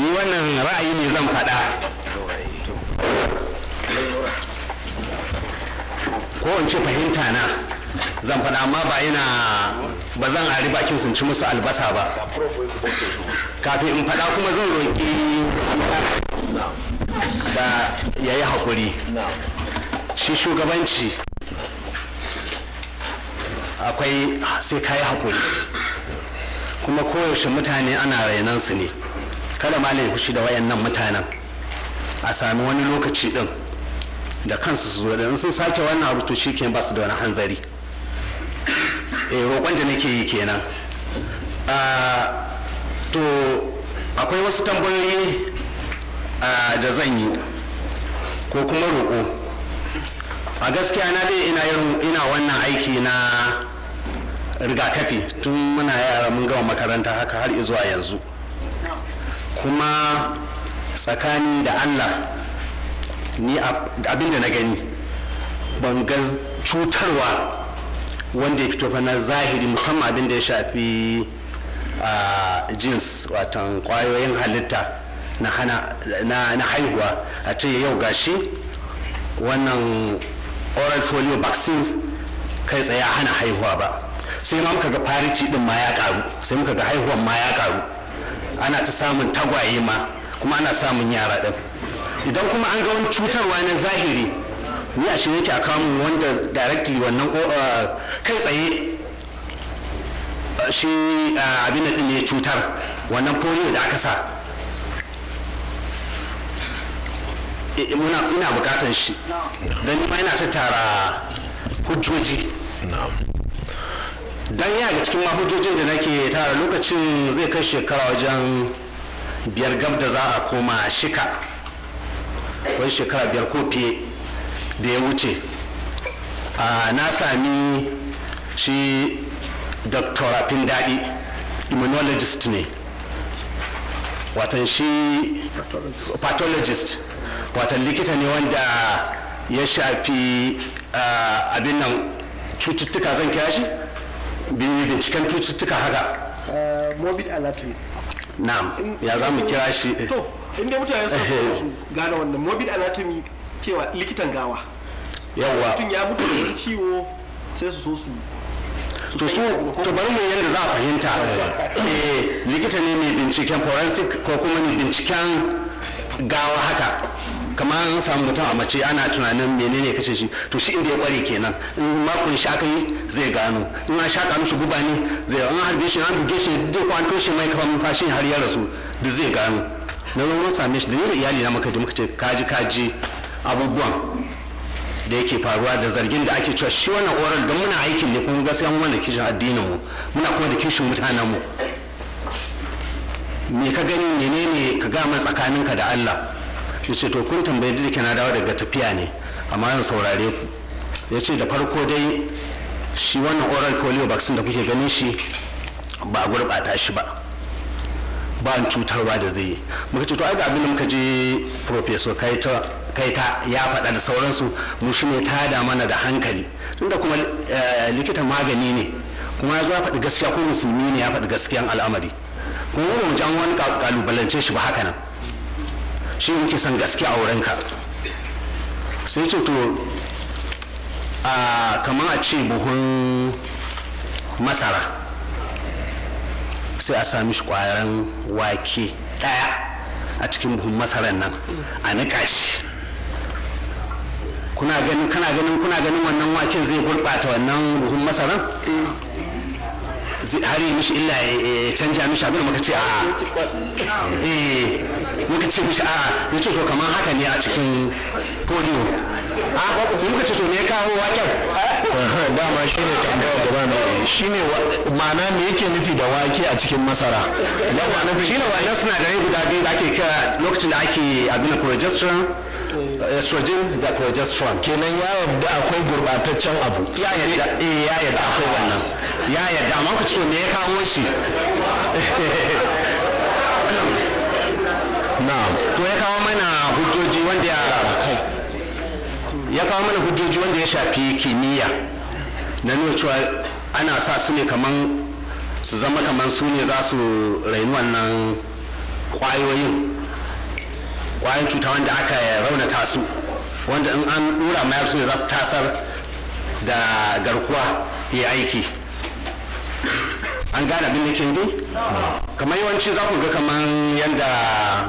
ni wannan ra'ayi ne zan faɗa ko in ce fahimta na zan faɗa amma ba yana ba zan ari bakin sun ci musu albasa ba kafin in faɗa kuma zan roƙi da ya yi haƙuri shi shugabanci akwai sai kayi hakuri kuma koyaushe mutane ana rainan su ne kada ma fushi da wayannan mutanen a sami wani lokaci din da kansu su zo da sun sake wannan abu to ba su da wani hanzari eh roƙon da nake yi kenan ah, to akwai wasu tambayoyi ah, da zan yi ko kuma roƙo a gaskiya na dai ina ina wannan aiki na rigakafi tun muna yara mun gama makaranta haka har zuwa yanzu kuma tsakani da allah ni abinda na gani ban ga cutarwa wanda ya fito na zahiri musamman abin da ya shafi jins watan kwayoyin halitta na haihuwa a ce yau gashi wannan oral folio vaccines kai tsaye hana haihuwa ba sai ma muka ga fariti din ma ya karu sai muka ga haihuwan ma ya karu ana ta samun tagwaye ma kuma ana samun yara din idan kuma an ga wani cutarwa na zahiri ni a shirye a kamun wanda directly wannan uh, kai tsaye uh, shi uh, abin da ne cutar wannan polio da aka sa Eh, eh, muna ina bukatan shi don ni ma ina ta tara hujjoji don ya ga cikin hujjojin da nake tara lokacin zai kai shekara wajen biyar gab da za a koma shika wani shekara biyar ko fiye da ya wuce na sami shi dr Afin daɗi immunologist ne watan shi pathologist watan likita ne wanda ya shafi abin nan cututtuka zan kira shi binciken cututtuka haka morbid anatomy na'am ya za mu kira shi to inda mutane sa su gane wannan morbid anatomy cewa likitan gawa yawwa mutum ya mutu da ciwo sai su so su to su to bari mu yadda za a fahimta eh likita ne mai binciken forensic ko kuma mai binciken gawa haka kamar an samu mutum a mace ana tunanin menene kace shi to shi inda ya kware kenan in makon shi aka yi zai gano in an shaka mishi guba ne zai an harbe shi an buge shi zai kwanto shi mai kafa numfashin har ya rasu da zai gano na ruwan same shi da ni da iyali na muka ji muka ce kaji kaji abubuwan da yake faruwa da zargin da ake cewa shi wannan oral don muna aikin ne kuma gaskiya mu da kishin addinin mu muna kuma da kishin mutanen mu me ka gani menene ka ga tsakaninka da Allah shi ce to kun tambaye duk na dawo daga tafiya ne amma zan saurare ku ya ce da farko dai shi wannan oral polio vaccine da kuke ganin shi ba a gurɓata shi ba ba cutarwa da zai yi muka ce to ai ga abin da muka je professor kaita ya faɗa da sauransu mu shi ne tada mana da hankali tunda kuma eh, likitan magani ne kuma ya zo ya faɗi gaskiya ko musulmi ne ya faɗi gaskiyan al'amari kuma mu ji an wani kalubalance shi ba haka nan shi muke son gaske a wurinka sai ce to a kamar a ce buhun masara sai a sami shi kwayaran wake daya a cikin buhun masaran nan a nika shi kuna ganin kana ganin kuna ganin wannan waken zai gurɓata wannan buhun masara har yi mishi illa ya canja mishi abin da muka ce a muka ce mishi a'a ya ce to kamar haka ne a cikin polio a ah, sai muka ce to me ya kawo waken dama shi ne tambaya gaba ne shi ne ma'ana me yake nufi da wake a cikin masara yawa na shi ne wannan sinadarai guda biyu da ake kira lokacin da ake abin progesterone estrogen da progesterone kenan ya yadda akwai gurbataccen abu ya yadda eh ya yadda akwai wannan ya yadda amma ku ce me ya kawo shi to ya kawo mana hujjoji wanda ya ya kawo mana hujjoji wanda ya shafi kimiyya na nuna cewa ana sa su ne kaman su zama kaman su ne za su raini wannan kwayoyin kwayoyin cuta wanda aka raunata su wanda in an dura mayar su ne za su tasar da garkuwa ya aiki an gane abin da ke yi kamar yawanci za ku ga kamar yadda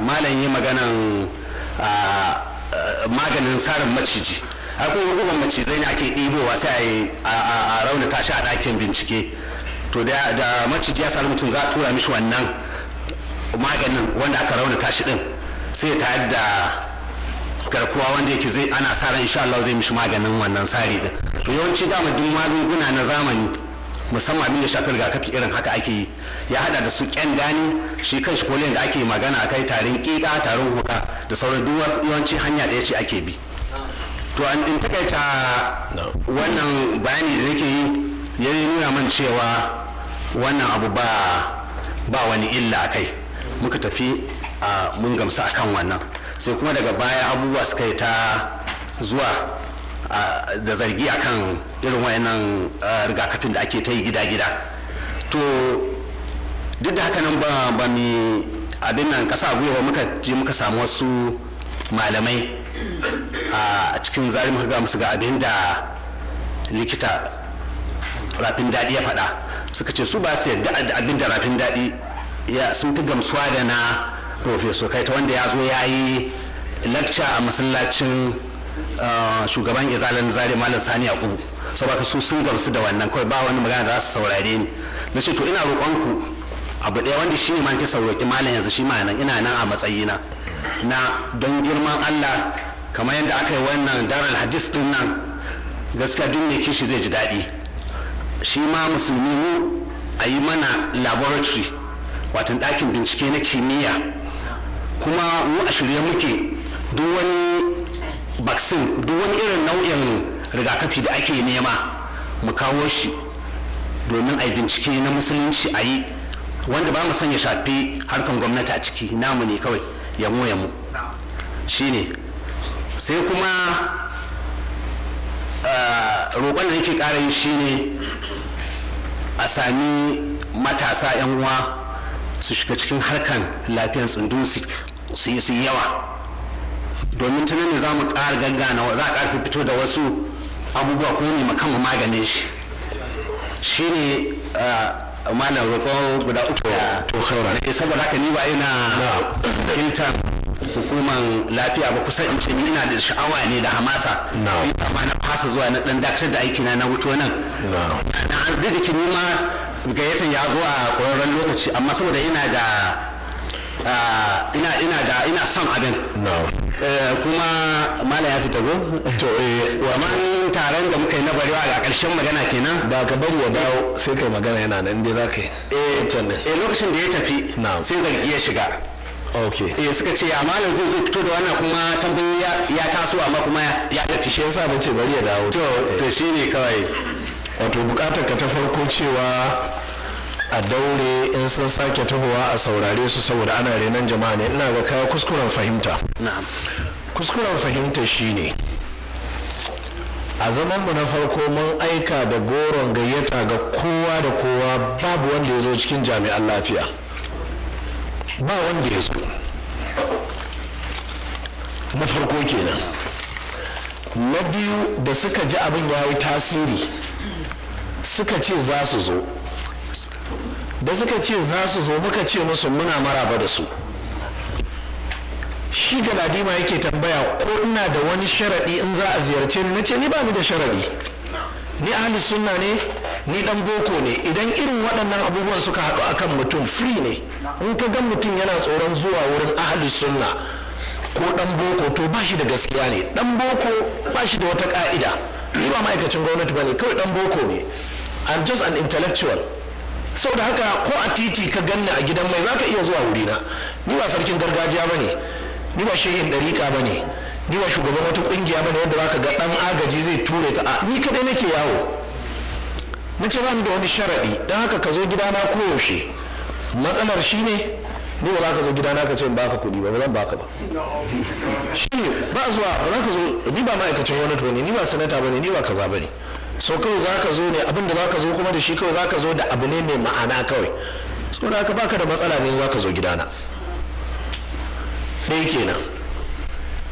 malam yi maganan maganin sarin maciji akwai kuma macizai ne ake ɗibowa sai a raunata tashi a dakin bincike to da maciji ya sami mutum za a tura mishi wannan maganin wanda aka raunata tashi din sai ta yadda garkuwa wanda yake zai ana sa ran insha Allah zai mishi maganin wannan sari din to yawanci mu duk magunguna na zamani musamman abin da shafi rigakafi irin haka ake yi ya hada da su kyan gani shi kan shikolin da ake magana a kai tarin kika tarin huka da sauran duk yawanci hanya daya ce ake bi to in takaita wannan bayani da nake yi ya nuna man cewa wannan abu ba ba wani illa a kai muka tafi mun gamsu kan wannan sai kuma daga baya abubuwa suka yi ta zuwa da zargi akan irin wayannan rigakafin da ake ta yi gida-gida to duk da haka nan ba mu abin nan kasa gwiwa muka je muka samu wasu malamai a cikin zari muka ga musu ga abin da likita rafin daɗi ya faɗa suka ce su ba su yadda abin da rafin daɗi ya sun fi gamsuwa da na profeso kai ta wanda ya zo ya yi lakca a masallacin shugaban izalan zare malam sani yakubu saboda su sun gamsu da wannan kawai ba wani magana da za su saurare ni na ce to ina roƙonku abu ɗaya wanda shi ne ma ke sauraki malam yanzu shi ma ina nan a matsayina na don girman allah kamar yadda aka yi wannan daren hadis din nan gaskiya duk mai kishi zai ji daɗi shi ma musulmi mu a yi mana laboratory watan ɗakin bincike na kimiyya kuma mu a shirye muke duk wani vaccine duk wani irin nau'in rigakafi da ake nema mu kawo shi domin a bincike na musulunci a yi wanda ba mu sanya shafi harkan gwamnati a ciki namu ne kawai yamo yamo shine sai kuma eh, roƙon da yake ƙara yi shine a sami matasa 'yan uwa su shiga cikin harkan lafiyar tsundun su yi yawa domin ta ne za mu ƙara gaggana za a ƙarfi fito da wasu abubuwa ko ne makan maganin shi shi ne ah, malam rufo guda uku to haura ne saboda haka ni ba ina kintan hukuman lafiya ba kusan in ce ni ina da sha'awa ne da hamasa sai sama na fasa zuwa na dan dakatar da aikina na wuto nan na duk da ni ma gayyatan ya zo a ƙwararren lokaci amma saboda ina da Ah, ina ina da ina son abin eh, kuma malam ya fita go to eh man taron da muka yi na barewa a ƙarshen magana kenan ba ka bar wa dawo sai kai magana yana nan dai zaka yi eh, eh lokacin da ya tafi sai zargi ya shiga Okay. eh suka ce amma malam zai zo fito da wannan kuma tambayoyi ya taso amma kuma ya tafi shi yasa nace bari ya dawo to to shine kawai wato bukatar ka ta farko cewa a daure in sun sake tahowa a saurare su saboda ana renon jama'a ne ina ga kaya kuskuren fahimta kuskuren fahimta shine a zaman mu na farko mun aika da goron gayyata ga kowa da kowa babu wanda ya zo cikin jami'an lafiya ba wanda ya zo na farko kenan na biyu da suka ji abin ya yi tasiri suka ce za su zo da suka ce za su zo muka ce musu muna maraba da su shi galadima yake tambaya ko ina da wani sharaɗi in za a ziyarce ni na ce ni ba ni da sharaɗi ni ahli sunna ne ni dan boko ne idan irin waɗannan abubuwan suka haɗu akan mutum firi ne in ka gan mutum yana tsoron zuwa wurin ahli sunna ko dan boko to ba shi da gaskiya ne dan boko ba shi da wata ƙa'ida. ni ba ma'aikacin gwamnati ba ne kawai dan boko ne i'm just an intellectual saboda haka ko a titi ka ganna a gidan mai zaka iya zuwa wurina ni ba sarkin gargajiya ba ne ni ba shehin dariƙa ba ne ni ba shugaban wata ƙungiya ba ne wanda zaka ga ɗan agaji zai ture ka a ni kadai nake yawo na ce bani da wani sharaɗi don haka ka zo gidana koyaushe matsalar shi ne ni ba za ka zo gidana ka ce ba ka kuɗi ba ba zan baka ba shi ba zuwa ba za ka zo ni ba ma'aikacin wani ne ni ba sanata ba ne ni ba kaza ba ne so kawai za ka zo ne abinda za ka zo kuma da shi kawai za ka zo da abu ne mai ma'ana kawai so da haka baka da matsala ne za ka zo gidana ɗaya kenan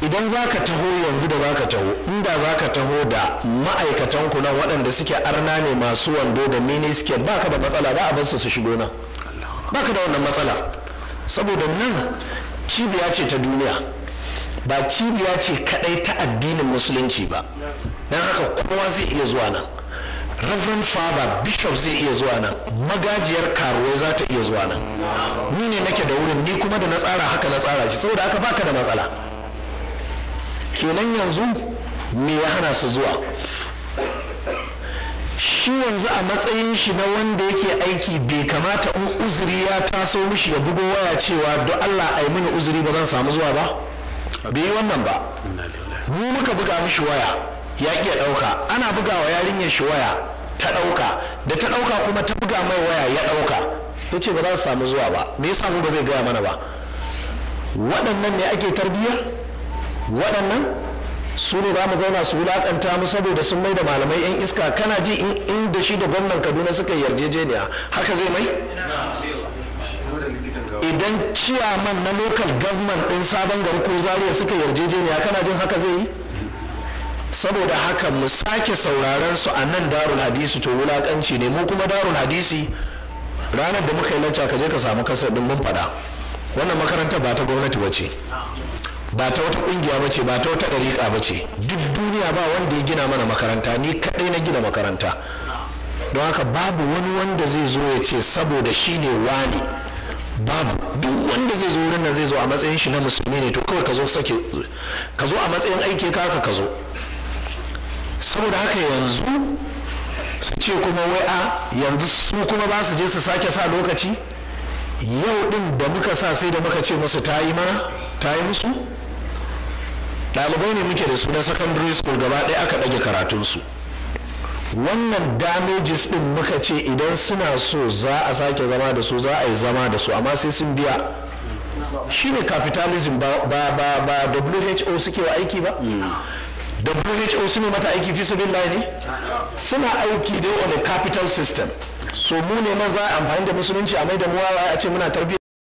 idan za ka taho yanzu da za ka taho inda za ka taho da ma'aikatan kuna nan waɗanda suke arna ne masu wando da miniskirt ba ka da matsala za a bar su su shigo nan ba ka da wannan matsala saboda nan cibiya ce ta duniya ba cibiya ce kadai ta addinin musulunci ba don haka kowa zai iya zuwa nan reverend father bishop zai iya zuwa nan magajiyar karuwai za ta iya zuwa nan ni ne nake da wurin ni kuma da na tsara haka na tsara shi saboda haka baka da matsala kenan yanzu me ya hana su zuwa shi yanzu a matsayin shi na wanda yake aiki bai kamata in uzuri ya taso mishi ya bugo waya cewa don allah a yi mini uzuri ba zan samu zuwa ba bai yi wannan ba mu muka buga mishi waya ya ke ɗauka ana bugawa yarinyar shi waya ta ɗauka da ta ɗauka kuma ta buga mai waya ya ɗauka ya ce ba za su samu zuwa ba me yasa mu ba zai gaya mana ba waɗannan ne ake tarbiyya waɗannan su ne za mu zauna su wulaƙanta mu saboda sun mai da malamai 'yan iska kana ji in da shi da gwamnan kaduna suka yarjejeniya haka zai mai idan ciyaman na local government din sabon gari ko zariya suka yarjejeniya kana jin haka zai yi saboda haka mu sake sauraron su a nan darul hadisi to wulakanci ne mu kuma darul hadisi ranar da muka yi lacca ka je ka samu kasar din mun faɗa wannan makarantar ba ta gwamnati ba ce ba ta wata kungiya ba ce ba ta wata ɗariƙa ba ce duk duniya ba wanda ya gina mana makaranta ni kaɗai na gina makaranta don haka babu wani wanda zai zo ya ce saboda shi ne wani babu duk wanda zai zo wurin nan zai zo a matsayin shi na musulmi ne to kawai ka zo sake ka zo a matsayin aiki ka ka zo saboda haka yanzu su ce kuma wai a yanzu su kuma ba su je su sake sa lokaci yau din da muka sa sai da muka ce musu ta yi mana ta yi musu ɗalibai ne muke da su na secondary school gaba ɗaya aka ɗage karatunsu wannan damages din muka ce idan suna so za a sake zama da su za a yi zama da su amma sai sun biya ne capitalism ba ba ba, WHO suke wa aiki ba WHO su ne mata aiki fi bin ne suna aiki dai on a capital system so mu ne man za a amfani da musulunci a mai da muwawa a ce muna tarbiyya